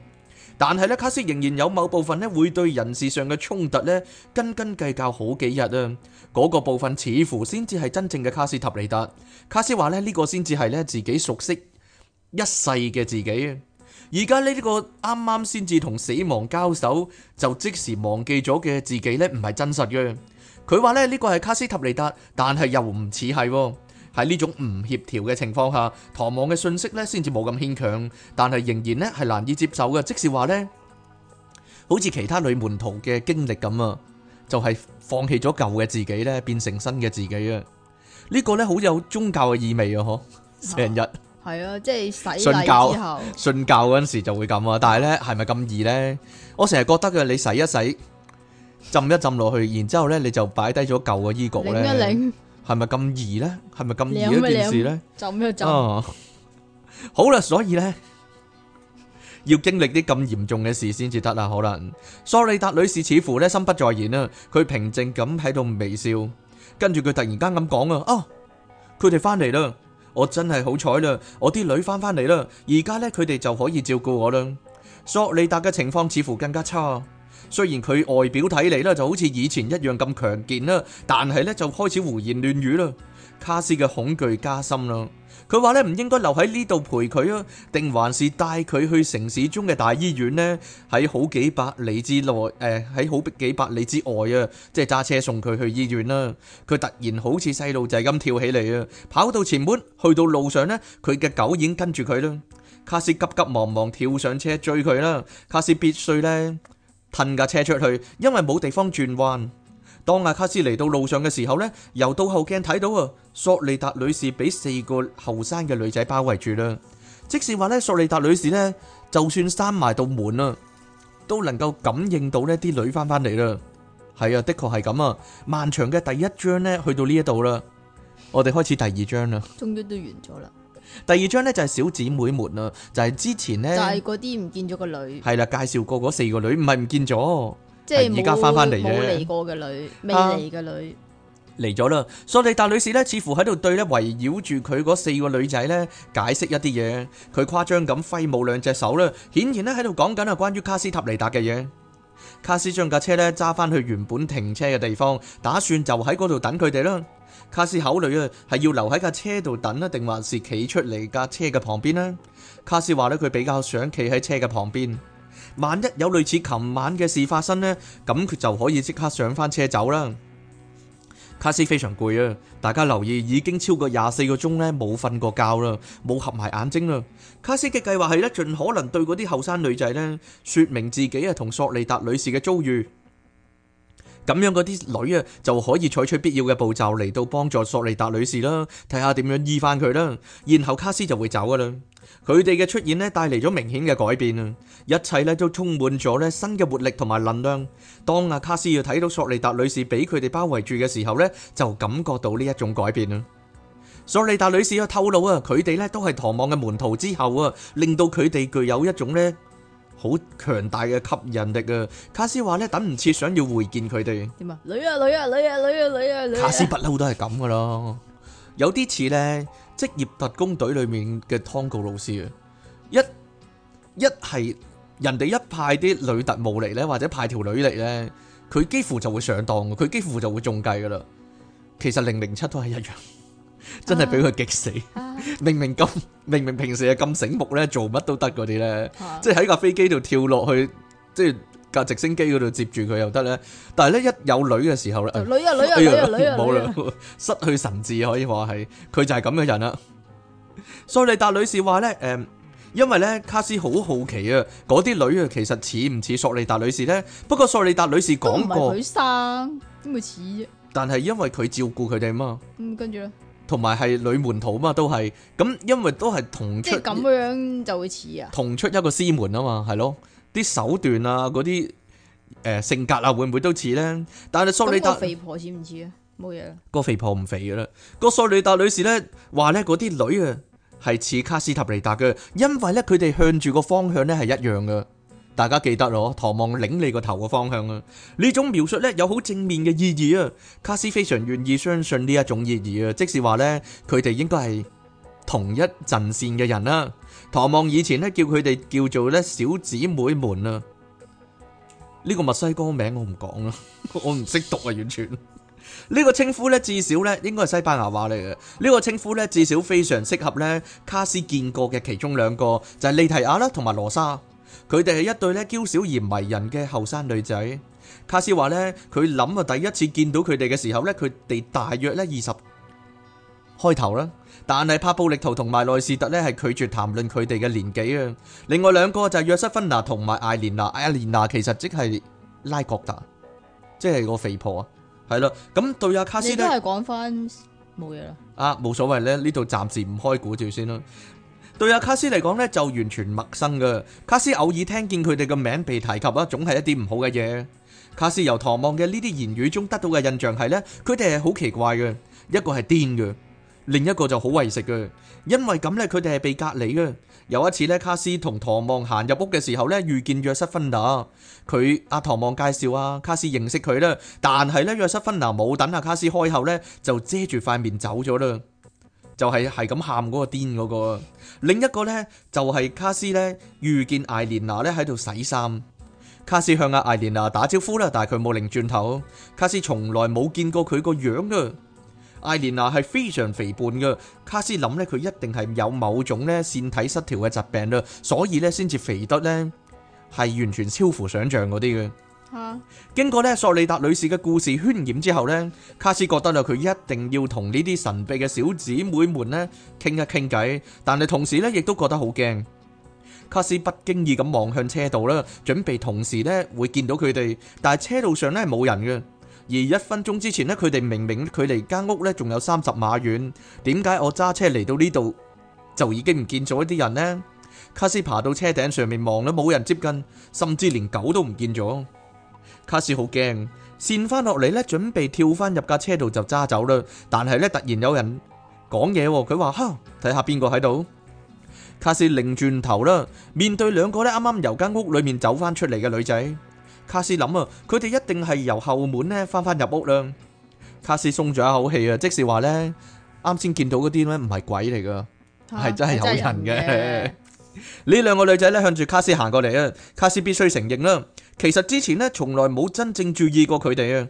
但係咧，卡斯仍然有某部分咧會對人事上嘅衝突咧斤斤計較好幾日啊。嗰個部分似乎先至係真正嘅卡斯塔尼達。卡斯話咧呢個先至係咧自己熟悉一世嘅自己。而家呢呢個啱啱先至同死亡交手就即時忘記咗嘅自己咧，唔係真實嘅。佢話咧呢個係卡斯塔尼達，但係又唔似係。喺呢種唔協調嘅情況下，唐望嘅信息咧先至冇咁牽強，但係仍然咧係難以接受嘅。即是話咧，好似其他女門徒嘅經歷咁啊，就係放棄咗舊嘅自己咧，變成新嘅自己啊！呢個咧好有宗教嘅意味啊！呵，成日係啊，即係洗禮之後，信教嗰陣時就會咁啊！但係咧係咪咁易咧？我成日覺得嘅你洗一洗，浸一浸落去，然之後咧你就擺低咗舊嘅衣角咧。係咪咁易咧？係咪咁易一件事咧？就咁樣就。好啦，所以咧要經歷啲咁嚴重嘅事先至得啦！可能索利達女士似乎咧心不在焉啊，佢平靜咁喺度微笑，跟住佢突然間咁講啊，啊，佢哋翻嚟啦！我真係好彩啦，我啲女翻翻嚟啦，而家咧佢哋就可以照顧我啦。索利達嘅情況似乎更加差。雖然佢外表睇嚟咧就好似以前一樣咁強健啦，但係咧就開始胡言亂語啦。卡斯嘅恐懼加深啦。佢話咧唔應該留喺呢度陪佢啊，定還是帶佢去城市中嘅大醫院呢？喺好幾百里之內，誒、呃，喺好幾百里之外啊，即係揸車送佢去醫院啦。佢突然好似細路仔咁跳起嚟啊，跑到前門，去到路上咧，佢嘅狗已經跟住佢啦。卡斯急急忙忙跳上車追佢啦。卡斯必須呢。噴架車出去，因為冇地方轉彎。當阿卡斯嚟到路上嘅時候咧，由倒後鏡睇到啊，索利達女士俾四個後生嘅女仔包圍住啦。即係話咧，索利達女士咧，就算閂埋道門啊，都能夠感應到呢啲女返返嚟啦。係啊，的確係咁啊。漫長嘅第一章咧，去到呢一度啦，我哋開始第二章啦。終於都完咗啦。第二章呢，就係小姐妹們啦，就係、是、之前呢，就係嗰啲唔見咗個女係啦，介紹過嗰四個女唔係唔見咗，即係而家翻翻嚟啫，冇嚟過嘅女，未嚟嘅女嚟咗啦。索利達女士呢，似乎喺度對呢圍繞住佢嗰四個女仔呢解釋一啲嘢。佢誇張咁揮舞兩隻手咧，顯然呢喺度講緊啊關於卡斯塔尼達嘅嘢。卡斯將架車咧揸翻去原本停車嘅地方，打算就喺嗰度等佢哋啦。卡斯考慮啊，係要留喺架車度等啊，定還是企出嚟架車嘅旁邊呢？卡斯話咧，佢比較想企喺車嘅旁邊。萬一有類似琴晚嘅事發生呢，咁佢就可以即刻上翻車走啦。卡斯非常攰啊，大家留意已經超過廿四個鐘呢冇瞓過覺啦，冇合埋眼睛啦。卡斯嘅計劃係咧，盡可能對嗰啲後生女仔呢說明自己啊同索利達女士嘅遭遇。咁樣嗰啲女啊就可以採取必要嘅步驟嚟到幫助索利達女士啦，睇下點樣醫返佢啦。然後卡斯就會走噶啦。佢哋嘅出現咧帶嚟咗明顯嘅改變啊！一切咧都充滿咗咧新嘅活力同埋能量。當阿卡斯要睇到索利達女士俾佢哋包圍住嘅時候咧，就感覺到呢一種改變啦。索利達女士又透露啊，佢哋咧都係唐望嘅門徒之後啊，令到佢哋具有一種咧。好強大嘅吸引力啊！卡斯話咧，等唔切想要會見佢哋。點啊？女啊，女啊，女啊，女啊，女啊！卡斯不嬲都係咁噶咯，有啲似咧職業特工隊裏面嘅湯告老師啊！一一係人哋一派啲女特務嚟咧，或者派條女嚟咧，佢幾乎就會上當嘅，佢幾乎就會中計噶啦。其實零零七都係一樣。真係俾佢激死，啊、明明咁明明平時係咁醒目咧，做乜都得嗰啲咧，啊、即係喺架飛機度跳落去，即係架直升機嗰度接住佢又得咧。但係咧一有女嘅時候咧、哎啊，女啊女啊女冇啦，失去神智可以話係，佢就係咁嘅人啦。索利達女士話咧，誒、嗯，因為咧卡斯好好奇啊，嗰啲女啊其實似唔似索利達女士咧？不過索利達女士講過，唔係佢生，點會似啫？但係因為佢照顧佢哋嘛。嗯，跟住咧。同埋係女門徒嘛，都係咁，因為都係同出即係咁樣就會似啊，同出一個師門啊嘛，係咯，啲手段啊，嗰啲誒性格啊，會唔會都似咧？但係索莉達個肥婆似唔似啊？冇嘢啦，個肥婆唔肥噶啦，個索莉達女士咧話咧嗰啲女啊係似卡斯塔尼達嘅，因為咧佢哋向住個方向咧係一樣噶。大家記得咯，唐望擰你個頭個方向啊！呢種描述呢，有好正面嘅意義啊！卡斯非常願意相信呢一種意義啊，即是話呢，佢哋應該係同一陣線嘅人啦。唐望以前呢，叫佢哋叫做呢小姊妹們啊！呢、這個墨西哥名我唔講啦，我唔識讀啊，完全。呢 <laughs> 個稱呼呢，至少呢應該係西班牙話嚟嘅。呢、這個稱呼呢，至少非常適合呢卡斯見過嘅其中兩個，就係、是、利提亞啦同埋羅莎。佢哋係一對呢嬌小而迷人嘅後生女仔。卡斯話呢，佢諗啊，第一次見到佢哋嘅時候呢，佢哋大約呢二十開頭啦。但係帕布力圖同埋內士特呢，係拒絕談論佢哋嘅年紀啊。另外兩個就係約瑟芬娜同埋艾蓮娜。艾蓮娜其實即係拉國達，即係個肥婆啊。係啦，咁對啊，卡斯咧，你都係講翻冇嘢啦。啊，冇所謂咧，呢度暫時唔開估照先啦。對阿卡斯嚟講呢就完全陌生嘅。卡斯偶爾聽見佢哋嘅名被提及啦，總係一啲唔好嘅嘢。卡斯由唐望嘅呢啲言語中得到嘅印象係呢佢哋係好奇怪嘅，一個係癲嘅，另一個就好遺食嘅。因為咁呢佢哋係被隔離嘅。有一次呢卡斯同唐望行入屋嘅時候呢遇見約瑟芬娜。佢阿唐望介紹阿、啊、卡斯認識佢咧，但係呢約瑟芬娜冇等阿卡斯開口呢就遮住塊面走咗啦。就係係咁喊嗰個癲嗰個，另一個呢，就係卡斯呢。遇見艾蓮娜咧喺度洗衫，卡斯向阿艾蓮娜打招呼啦，但係佢冇擰轉頭，卡斯從來冇見過佢個樣噶，艾蓮娜係非常肥胖噶，卡斯諗呢，佢一定係有某種呢腺體失調嘅疾病啦，所以呢先至肥得呢，係完全超乎想象嗰啲嘅。吓！經過呢索利達女士嘅故事渲染之後呢，卡斯覺得咧佢一定要同呢啲神秘嘅小姊妹們咧傾一傾偈。但係同時呢，亦都覺得好驚。卡斯不經意咁望向車道啦，準備同時呢會見到佢哋，但係車道上呢係冇人嘅。而一分鐘之前呢，佢哋明明距離間屋呢仲有三十碼遠，點解我揸車嚟到呢度就已經唔見咗一啲人呢？卡斯爬到車頂上面望啦，冇人接近，甚至連狗都唔見咗。卡斯好驚，扇翻落嚟咧，準備跳翻入架車度就揸走啦。但係咧，突然有人講嘢，佢話：吓，睇下邊個喺度？卡斯擰轉頭啦，面對兩個咧，啱啱由間屋裏面走翻出嚟嘅女仔。卡斯諗啊，佢哋一定係由後門咧翻翻入屋啦。卡斯鬆咗一口氣啊，即時話呢：「啱先見到嗰啲咧唔係鬼嚟噶，係真係有人嘅。呢兩 <laughs> 個女仔咧向住卡斯行過嚟啊，卡斯必須承認啦。其實之前呢，從來冇真正注意過佢哋啊！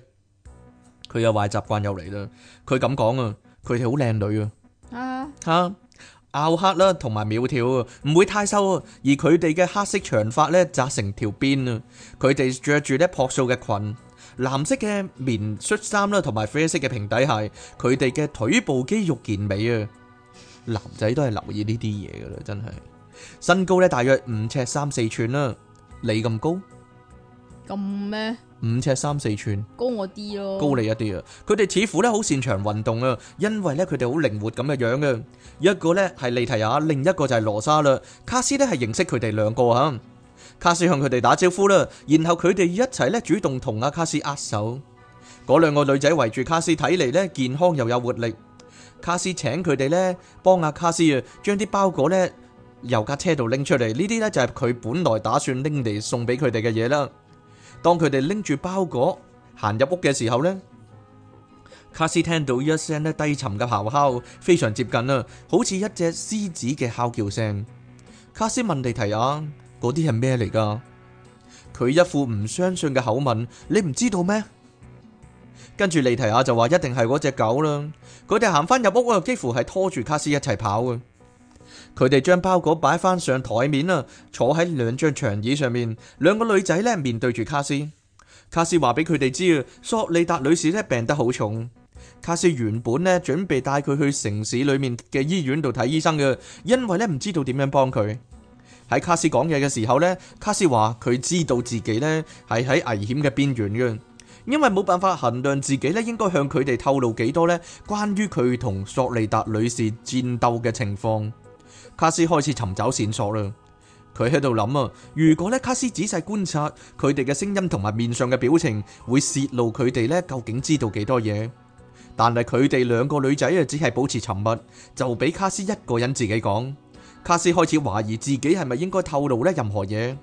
佢嘅壞習慣又嚟啦！佢咁講啊，佢哋好靚女啊！啊吓，凹黑啦，同埋苗條啊，唔會太瘦啊。而佢哋嘅黑色長髮呢紮成條辮啊。佢哋着住啲樸素嘅裙，藍色嘅棉恤衫啦，同埋啡色嘅平底鞋。佢哋嘅腿部肌肉健美啊！男仔都係留意呢啲嘢噶啦，真係。身高呢大約五尺三四寸啦，你咁高？咁咩？五尺三四寸，高我啲咯，高你一啲啊！佢哋似乎咧好擅長運動啊，因為咧佢哋好靈活咁嘅樣嘅。一個咧係莉提雅，另一個就係羅莎啦。卡斯咧係認識佢哋兩個啊。卡斯向佢哋打招呼啦，然後佢哋一齊咧主動同阿卡斯握手。嗰兩個女仔圍住卡斯睇嚟咧，健康又有活力。卡斯請佢哋咧幫阿卡斯啊，將啲包裹咧由架車度拎出嚟。呢啲咧就係佢本來打算拎嚟送俾佢哋嘅嘢啦。當佢哋拎住包裹行入屋嘅時候呢，卡斯聽到一聲咧低沉嘅咆哮，非常接近啦，好似一隻獅子嘅嚎叫聲。卡斯問利提亞：嗰啲係咩嚟噶？佢一副唔相信嘅口吻：你唔知道咩？跟住利提亞就話：一定係嗰隻狗啦！佢哋行翻入屋，幾乎係拖住卡斯一齊跑嘅。佢哋將包裹擺翻上台面啦，坐喺兩張長椅上面，兩個女仔咧面對住卡斯。卡斯話俾佢哋知，索利達女士咧病得好重。卡斯原本咧準備帶佢去城市裏面嘅醫院度睇醫生嘅，因為咧唔知道點樣幫佢。喺卡斯講嘢嘅時候呢，卡斯話佢知道自己咧係喺危險嘅邊緣嘅，因為冇辦法衡量自己咧應該向佢哋透露幾多咧關於佢同索利達女士戰鬥嘅情況。卡斯開始尋找線索啦，佢喺度諗啊，如果咧卡斯仔細觀察佢哋嘅聲音同埋面上嘅表情，會洩露佢哋咧究竟知道幾多嘢。但係佢哋兩個女仔啊，只係保持沉默，就俾卡斯一個人自己講。卡斯開始懷疑自己係咪應該透露咧任何嘢。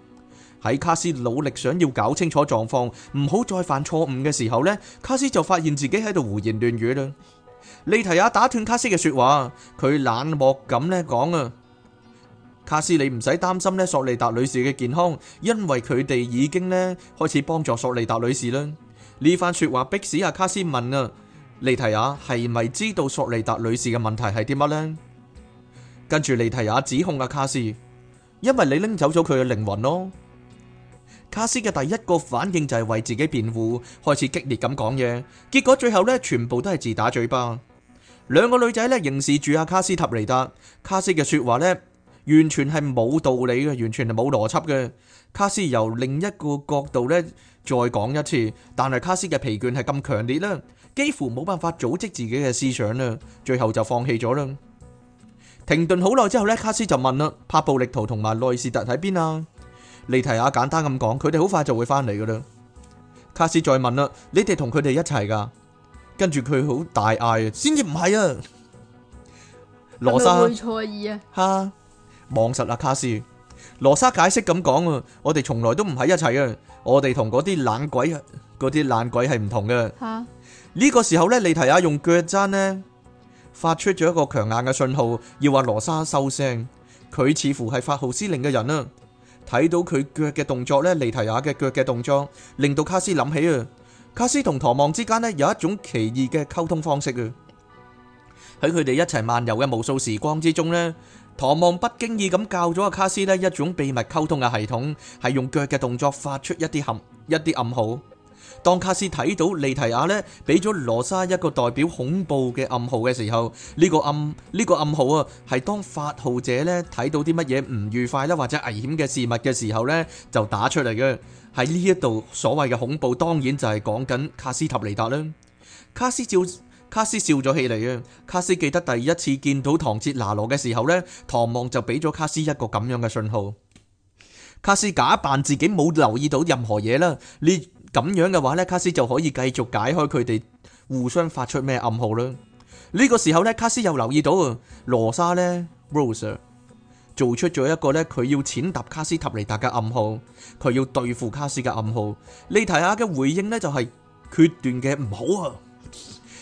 喺卡斯努力想要搞清楚狀況，唔好再犯錯誤嘅時候咧，卡斯就發現自己喺度胡言亂語啦。利提亞打斷卡斯嘅說話，佢冷漠咁咧講啊。卡斯，你唔使擔心呢索利達女士嘅健康，因為佢哋已經呢開始幫助索利達女士啦。呢番說話逼使阿卡斯問「啊，利提亞係咪知道索利達女士嘅問題係啲乜呢？」跟住利提亞指控阿卡斯，因為你拎走咗佢嘅靈魂咯。卡斯嘅第一個反應就係為自己辯護，開始激烈咁講嘢，結果最後呢，全部都係自打嘴巴。兩個女仔呢，凝視住阿卡斯塔尼達，卡斯嘅說話呢，完全係冇道理嘅，完全係冇邏輯嘅。卡斯由另一個角度呢，再講一次，但係卡斯嘅疲倦係咁強烈啦，幾乎冇辦法組織自己嘅思想啦，最後就放棄咗啦。停頓好耐之後呢，卡斯就問啦：，帕布力圖同埋內斯特喺邊啊？莉提亞簡單咁講，佢哋好快就會翻嚟噶啦。卡斯再問啦：，你哋同佢哋一齊噶？跟住佢好大嗌啊！先至唔係啊，羅莎哈。望實啦，卡斯。羅莎解釋咁講啊，我哋從來都唔喺一齊啊，我哋同嗰啲冷鬼嗰啲冷鬼係唔同嘅。呢哈個時候呢，利提亞用腳踭呢發出咗一個強硬嘅信號，要話羅莎收聲。佢似乎係發號施令嘅人啊。睇到佢腳嘅動作呢，利提亞嘅腳嘅動作，令到卡斯諗起啊。卡斯同唐望之間呢，有一種奇異嘅溝通方式啊。喺佢哋一齊漫遊嘅無數時光之中呢。唐望不經意咁教咗阿卡斯呢一種秘密溝通嘅系統，係用腳嘅動作發出一啲暗一啲暗號。當卡斯睇到利提亞咧俾咗羅莎一個代表恐怖嘅暗號嘅時候，呢個暗呢個暗號啊係當發號者咧睇到啲乜嘢唔愉快啦或者危險嘅事物嘅時候呢，就打出嚟嘅。喺呢一度所謂嘅恐怖，當然就係講緊卡斯塔尼達啦。卡斯照。卡斯笑咗起嚟啊！卡斯記得第一次見到唐切拿羅嘅時候呢，唐望就俾咗卡斯一個咁樣嘅信號。卡斯假扮自己冇留意到任何嘢啦，呢咁樣嘅話呢，卡斯就可以繼續解開佢哋互相發出咩暗號啦。呢、這個時候呢，卡斯又留意到羅莎呢 Rosa 做出咗一個呢，佢要踐踏卡斯塔尼達嘅暗號，佢要對付卡斯嘅暗號。利提亞嘅回應呢，就係決斷嘅唔好啊！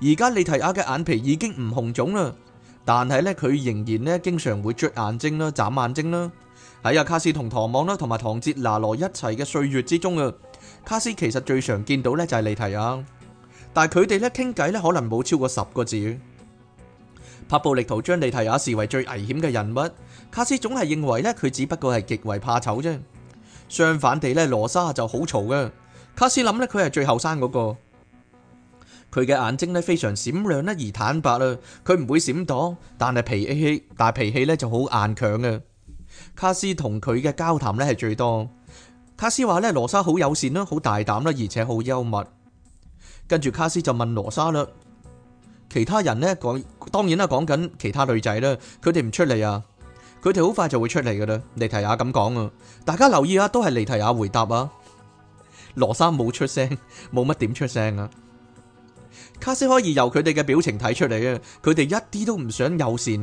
而家利提亞嘅眼皮已經唔紅腫啦，但係咧佢仍然咧經常會捽眼睛啦、眨眼睛啦。喺阿卡斯同唐望啦、同埋唐哲拿羅一齊嘅歲月之中啊，卡斯其實最常見到咧就係利提亞，但係佢哋咧傾偈咧可能冇超過十個字。柏布力圖將利提亞視為最危險嘅人物，卡斯總係認為咧佢只不過係極為怕醜啫。相反地咧，羅莎就好嘈嘅，卡斯諗咧佢係最後生嗰個。佢嘅眼睛咧非常閃亮咧而坦白啦，佢唔會閃躲，但係脾氣，但脾氣咧就好硬強啊。卡斯同佢嘅交談咧係最多。卡斯話咧羅莎好友善啦，好大膽啦，而且好幽默。跟住卡斯就問羅莎啦，其他人呢？講，當然啦，講緊其他女仔啦，佢哋唔出嚟啊，佢哋好快就會出嚟噶啦。尼提亞咁講啊，大家留意下，都係尼提亞回答啊。羅莎冇出聲，冇乜點出聲啊。卡斯可以由佢哋嘅表情睇出嚟啊，佢哋一啲都唔想友善，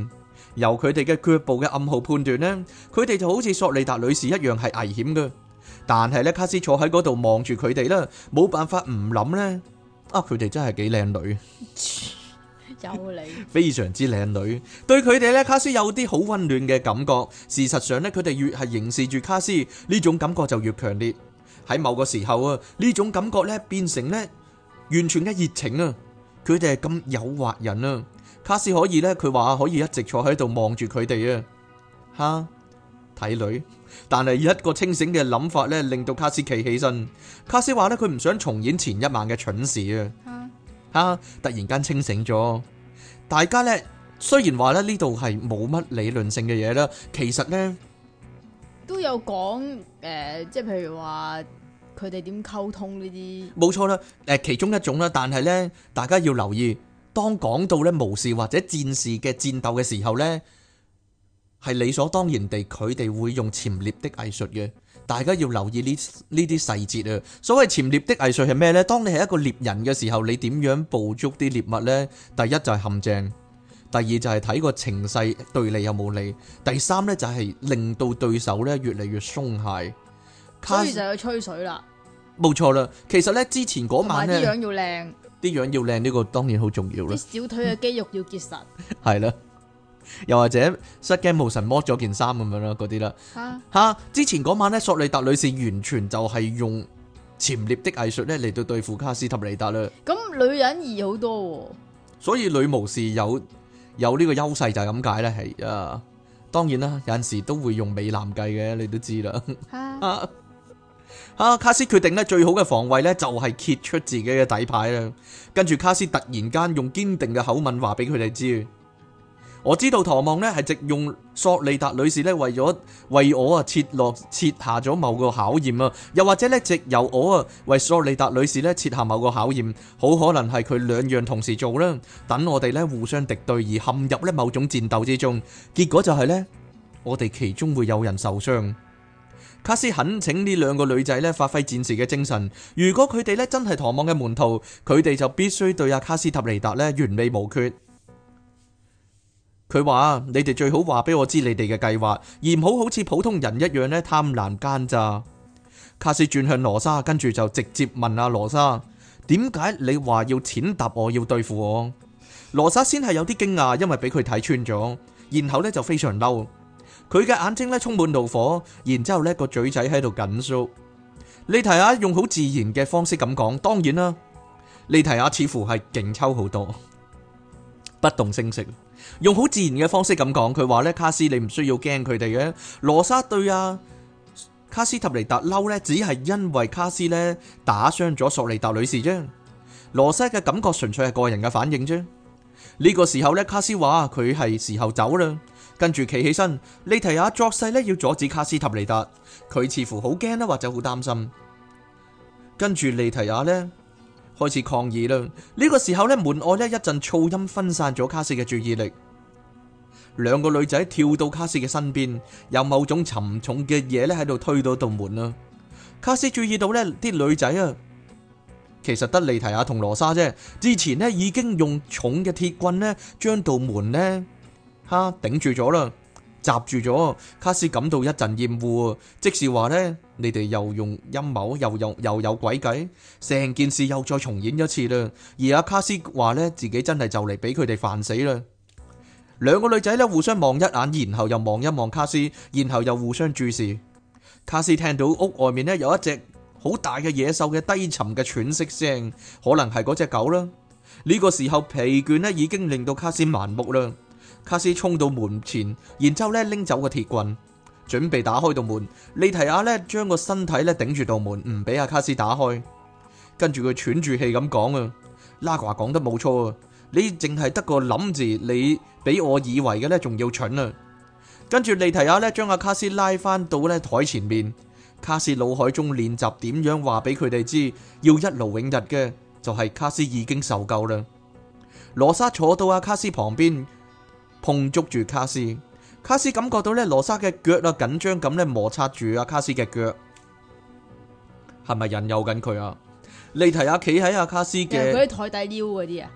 由佢哋嘅腳步嘅暗號判斷呢，佢哋就好似索利達女士一樣係危險嘅。但係咧，卡斯坐喺嗰度望住佢哋啦，冇辦法唔諗咧，啊，佢哋真係幾靚女，有 <laughs> 你非常之靚女。對佢哋咧，卡斯有啲好溫暖嘅感覺。事實上咧，佢哋越係凝視住卡斯，呢種感覺就越強烈。喺某個時候啊，呢種感覺咧變成咧完全嘅熱情啊！佢哋係咁誘惑人啊！卡斯可以咧，佢話可以一直坐喺度望住佢哋啊，吓睇女。但係一個清醒嘅諗法咧，令到卡斯企起身。卡斯話咧，佢唔想重演前一晚嘅蠢事啊，吓，吓突然間清醒咗。大家咧，雖然話咧呢度係冇乜理論性嘅嘢啦，其實咧都有講誒、呃，即係譬如話。佢哋點溝通呢啲？冇錯啦，誒，其中一種啦。但係呢，大家要留意，當講到咧巫士或者戰士嘅戰鬥嘅時候呢，係理所當然地，佢哋會用潛獵的藝術嘅。大家要留意呢呢啲細節啊。所謂潛獵的藝術係咩呢？當你係一個獵人嘅時候，你點樣捕捉啲獵物呢？第一就係陷阱，第二就係睇個情勢對你有冇利，第三呢就係令到對手咧越嚟越鬆懈。所以就去吹水啦，冇錯啦。其實咧，之前嗰晚咧，啲樣要靚，啲樣要靚呢個當然好重要啦。小腿嘅肌肉要結實，係啦， <laughs> <laughs> 又或者失驚無神剝咗件衫咁樣啦，嗰啲啦。吓吓，之前嗰晚咧，索莉達女士完全就係用潛獵的藝術咧嚟到對付卡斯塔尼達啦。咁女人易好多，啊，所以女巫士有有呢個優勢就係咁解啦。係啊，當然啦，有陣時都會用美男計嘅，你都知啦。哈 <laughs> 啊！卡斯決定咧最好嘅防衛咧就係揭出自己嘅底牌啦。跟住卡斯突然間用堅定嘅口吻話俾佢哋知：我知道唐望咧係直用索利達女士咧為咗為我啊設落設下咗某個考驗啊，又或者咧直由我啊為索利達女士咧設下某個考驗，好可能係佢兩樣同時做啦。等我哋咧互相敵對而陷入咧某種戰鬥之中，結果就係呢，我哋其中會有人受傷。卡斯懇請呢兩個女仔咧發揮戰士嘅精神，如果佢哋咧真係唐望嘅門徒，佢哋就必須對阿卡斯塔尼達咧完美無缺。佢話，你哋最好話俾我知你哋嘅計劃，而唔好好似普通人一樣咧貪婪奸詐。卡斯轉向羅莎，跟住就直接問阿羅莎，點解你話要踐踏我，要對付我？羅莎先係有啲驚訝，因為俾佢睇穿咗，然後咧就非常嬲。佢嘅眼睛咧充滿怒火，然之後咧個嘴仔喺度緊縮。李提亞用好自然嘅方式咁講，當然啦，李提亞似乎係勁抽好多， <laughs> 不動聲色，用好自然嘅方式咁講。佢話咧，卡斯，你唔需要驚佢哋嘅。羅莎，對啊，卡斯塔尼達嬲咧，只係因為卡斯咧打傷咗索尼達女士啫。羅莎嘅感覺純粹係個人嘅反應啫。呢個時候咧，卡斯話佢係時候走啦。跟住企起身，利提亞作勢咧要阻止卡斯塔尼達，佢似乎好驚啦，或者好擔心。跟住利提亞咧開始抗議啦。呢個時候咧門外咧一陣噪音，分散咗卡斯嘅注意力。兩個女仔跳到卡斯嘅身邊，有某種沉重嘅嘢咧喺度推到道門啦。卡斯注意到呢啲女仔啊，其實得利提亞同羅莎啫。之前咧已經用重嘅鐵棍咧將道門咧。哈！頂住咗啦，閘住咗。卡斯感到一陣厭惡，即是話呢：「你哋又用陰謀，又有又有詭計，成件事又再重演一次啦。」而阿卡斯話呢，自己真係就嚟俾佢哋煩死啦。兩個女仔呢，互相望一眼，然後又望一望卡斯，然後又互相注視。卡斯聽到屋外面呢有一隻好大嘅野獸嘅低沉嘅喘息聲，可能係嗰隻狗啦。呢個時候疲倦呢已經令到卡斯麻木啦。卡斯衝到門前，然之後咧拎走個鐵棍，準備打開道門。利提亞咧將個身體咧頂住道門，唔俾阿卡斯打開。跟住佢喘住氣咁講啊，拉瓜講得冇錯啊，你淨係得個諗字，你比我以為嘅咧仲要蠢啊。跟住利提亞咧將阿卡斯拉翻到咧台前面，卡斯腦海中練習點樣話俾佢哋知要一勞永逸嘅，就係、是、卡斯已經受夠啦。羅莎坐到阿卡斯旁邊。碰觸住卡斯，卡斯感覺到咧羅莎嘅腳啊緊張咁咧摩擦住阿卡斯嘅腳，係咪引誘緊佢啊？利提阿企喺阿卡斯嘅，又係嗰啲台底撩嗰啲啊！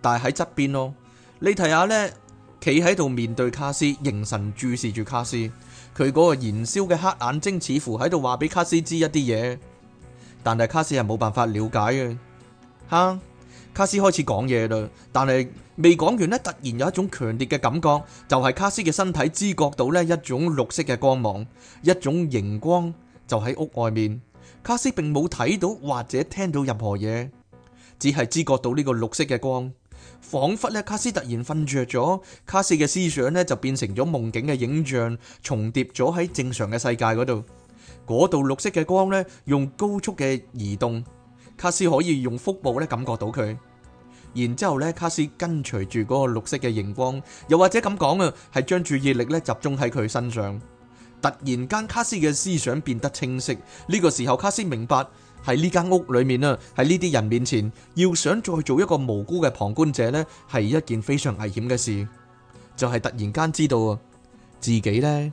但係喺側邊咯，利提阿咧企喺度面對卡斯，凝神注視住卡斯，佢嗰個燃燒嘅黑眼睛似乎喺度話俾卡斯知一啲嘢，但係卡斯係冇辦法了解嘅。吓，卡斯開始講嘢啦，但係。未講完呢，突然有一種強烈嘅感覺，就係卡斯嘅身體知覺到呢一種綠色嘅光芒，一種熒光就喺屋外面。卡斯並冇睇到或者聽到任何嘢，只係知覺到呢個綠色嘅光，仿佛呢卡斯突然瞓著咗。卡斯嘅思想呢就變成咗夢境嘅影像重疊咗喺正常嘅世界嗰度。嗰道綠色嘅光呢用高速嘅移動，卡斯可以用腹部咧感覺到佢。然之後咧，卡斯跟隨住嗰個綠色嘅熒光，又或者噉講啊，係將注意力集中喺佢身上。突然間卡斯嘅思想變得清晰，這個時候，卡斯明白，喺這間屋裏面啊，喺這些人面前，要想再做一個無辜嘅旁觀者呢，係一件非常危險嘅事。就是突然間知道啊，自己呢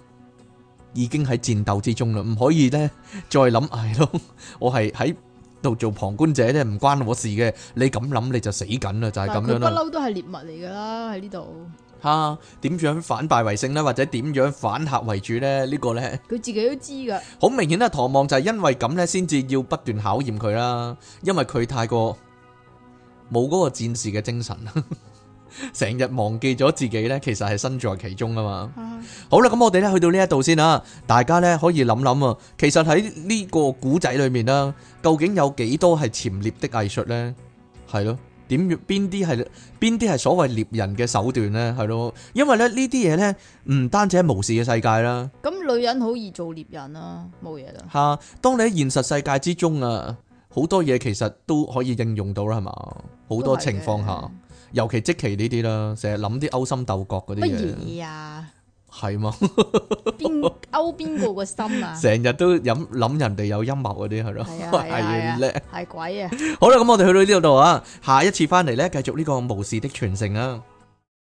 已經喺戰鬥之中喇，唔可以呢再諗，係咯，我係喺度做旁觀者咧，唔關我事嘅，你咁諗你就死緊啦，就係咁樣啦。不嬲都係獵物嚟噶啦喺呢度。吓，點樣反敗為勝呢？或者點樣反客為主呢？呢個呢，佢自己都知噶。好明顯啦，唐望就係因為咁呢，先至要不斷考驗佢啦，因為佢太過冇嗰個戰士嘅精神。 <laughs> 成日忘記咗自己呢，其實係身在其中啊嘛。嗯、好啦，咁我哋呢去到呢一度先啊，大家呢可以諗諗啊，其實喺呢個古仔裏面啦，究竟有幾多係潛獵的藝術呢？係咯，點邊啲係邊啲係所謂獵人嘅手段呢？係咯，因為咧呢啲嘢呢唔單止係巫士嘅世界啦。咁、嗯、女人好易做獵人啊，冇嘢啦。吓，當你喺現實世界之中啊，好多嘢其實都可以應用到啦，係嘛，好多情況下。尤其即其呢啲啦，成日諗啲勾心鬥角嗰啲嘢。乜嘢啊？係嘛是嗎？邊 <laughs> 勾邊個個心啊？成日都諗人哋有陰謀嗰啲係咯，係啊，係鬼啊！好啦，咁我哋去到呢度度啊，下一次翻嚟咧，繼續呢個巫士的傳承啊！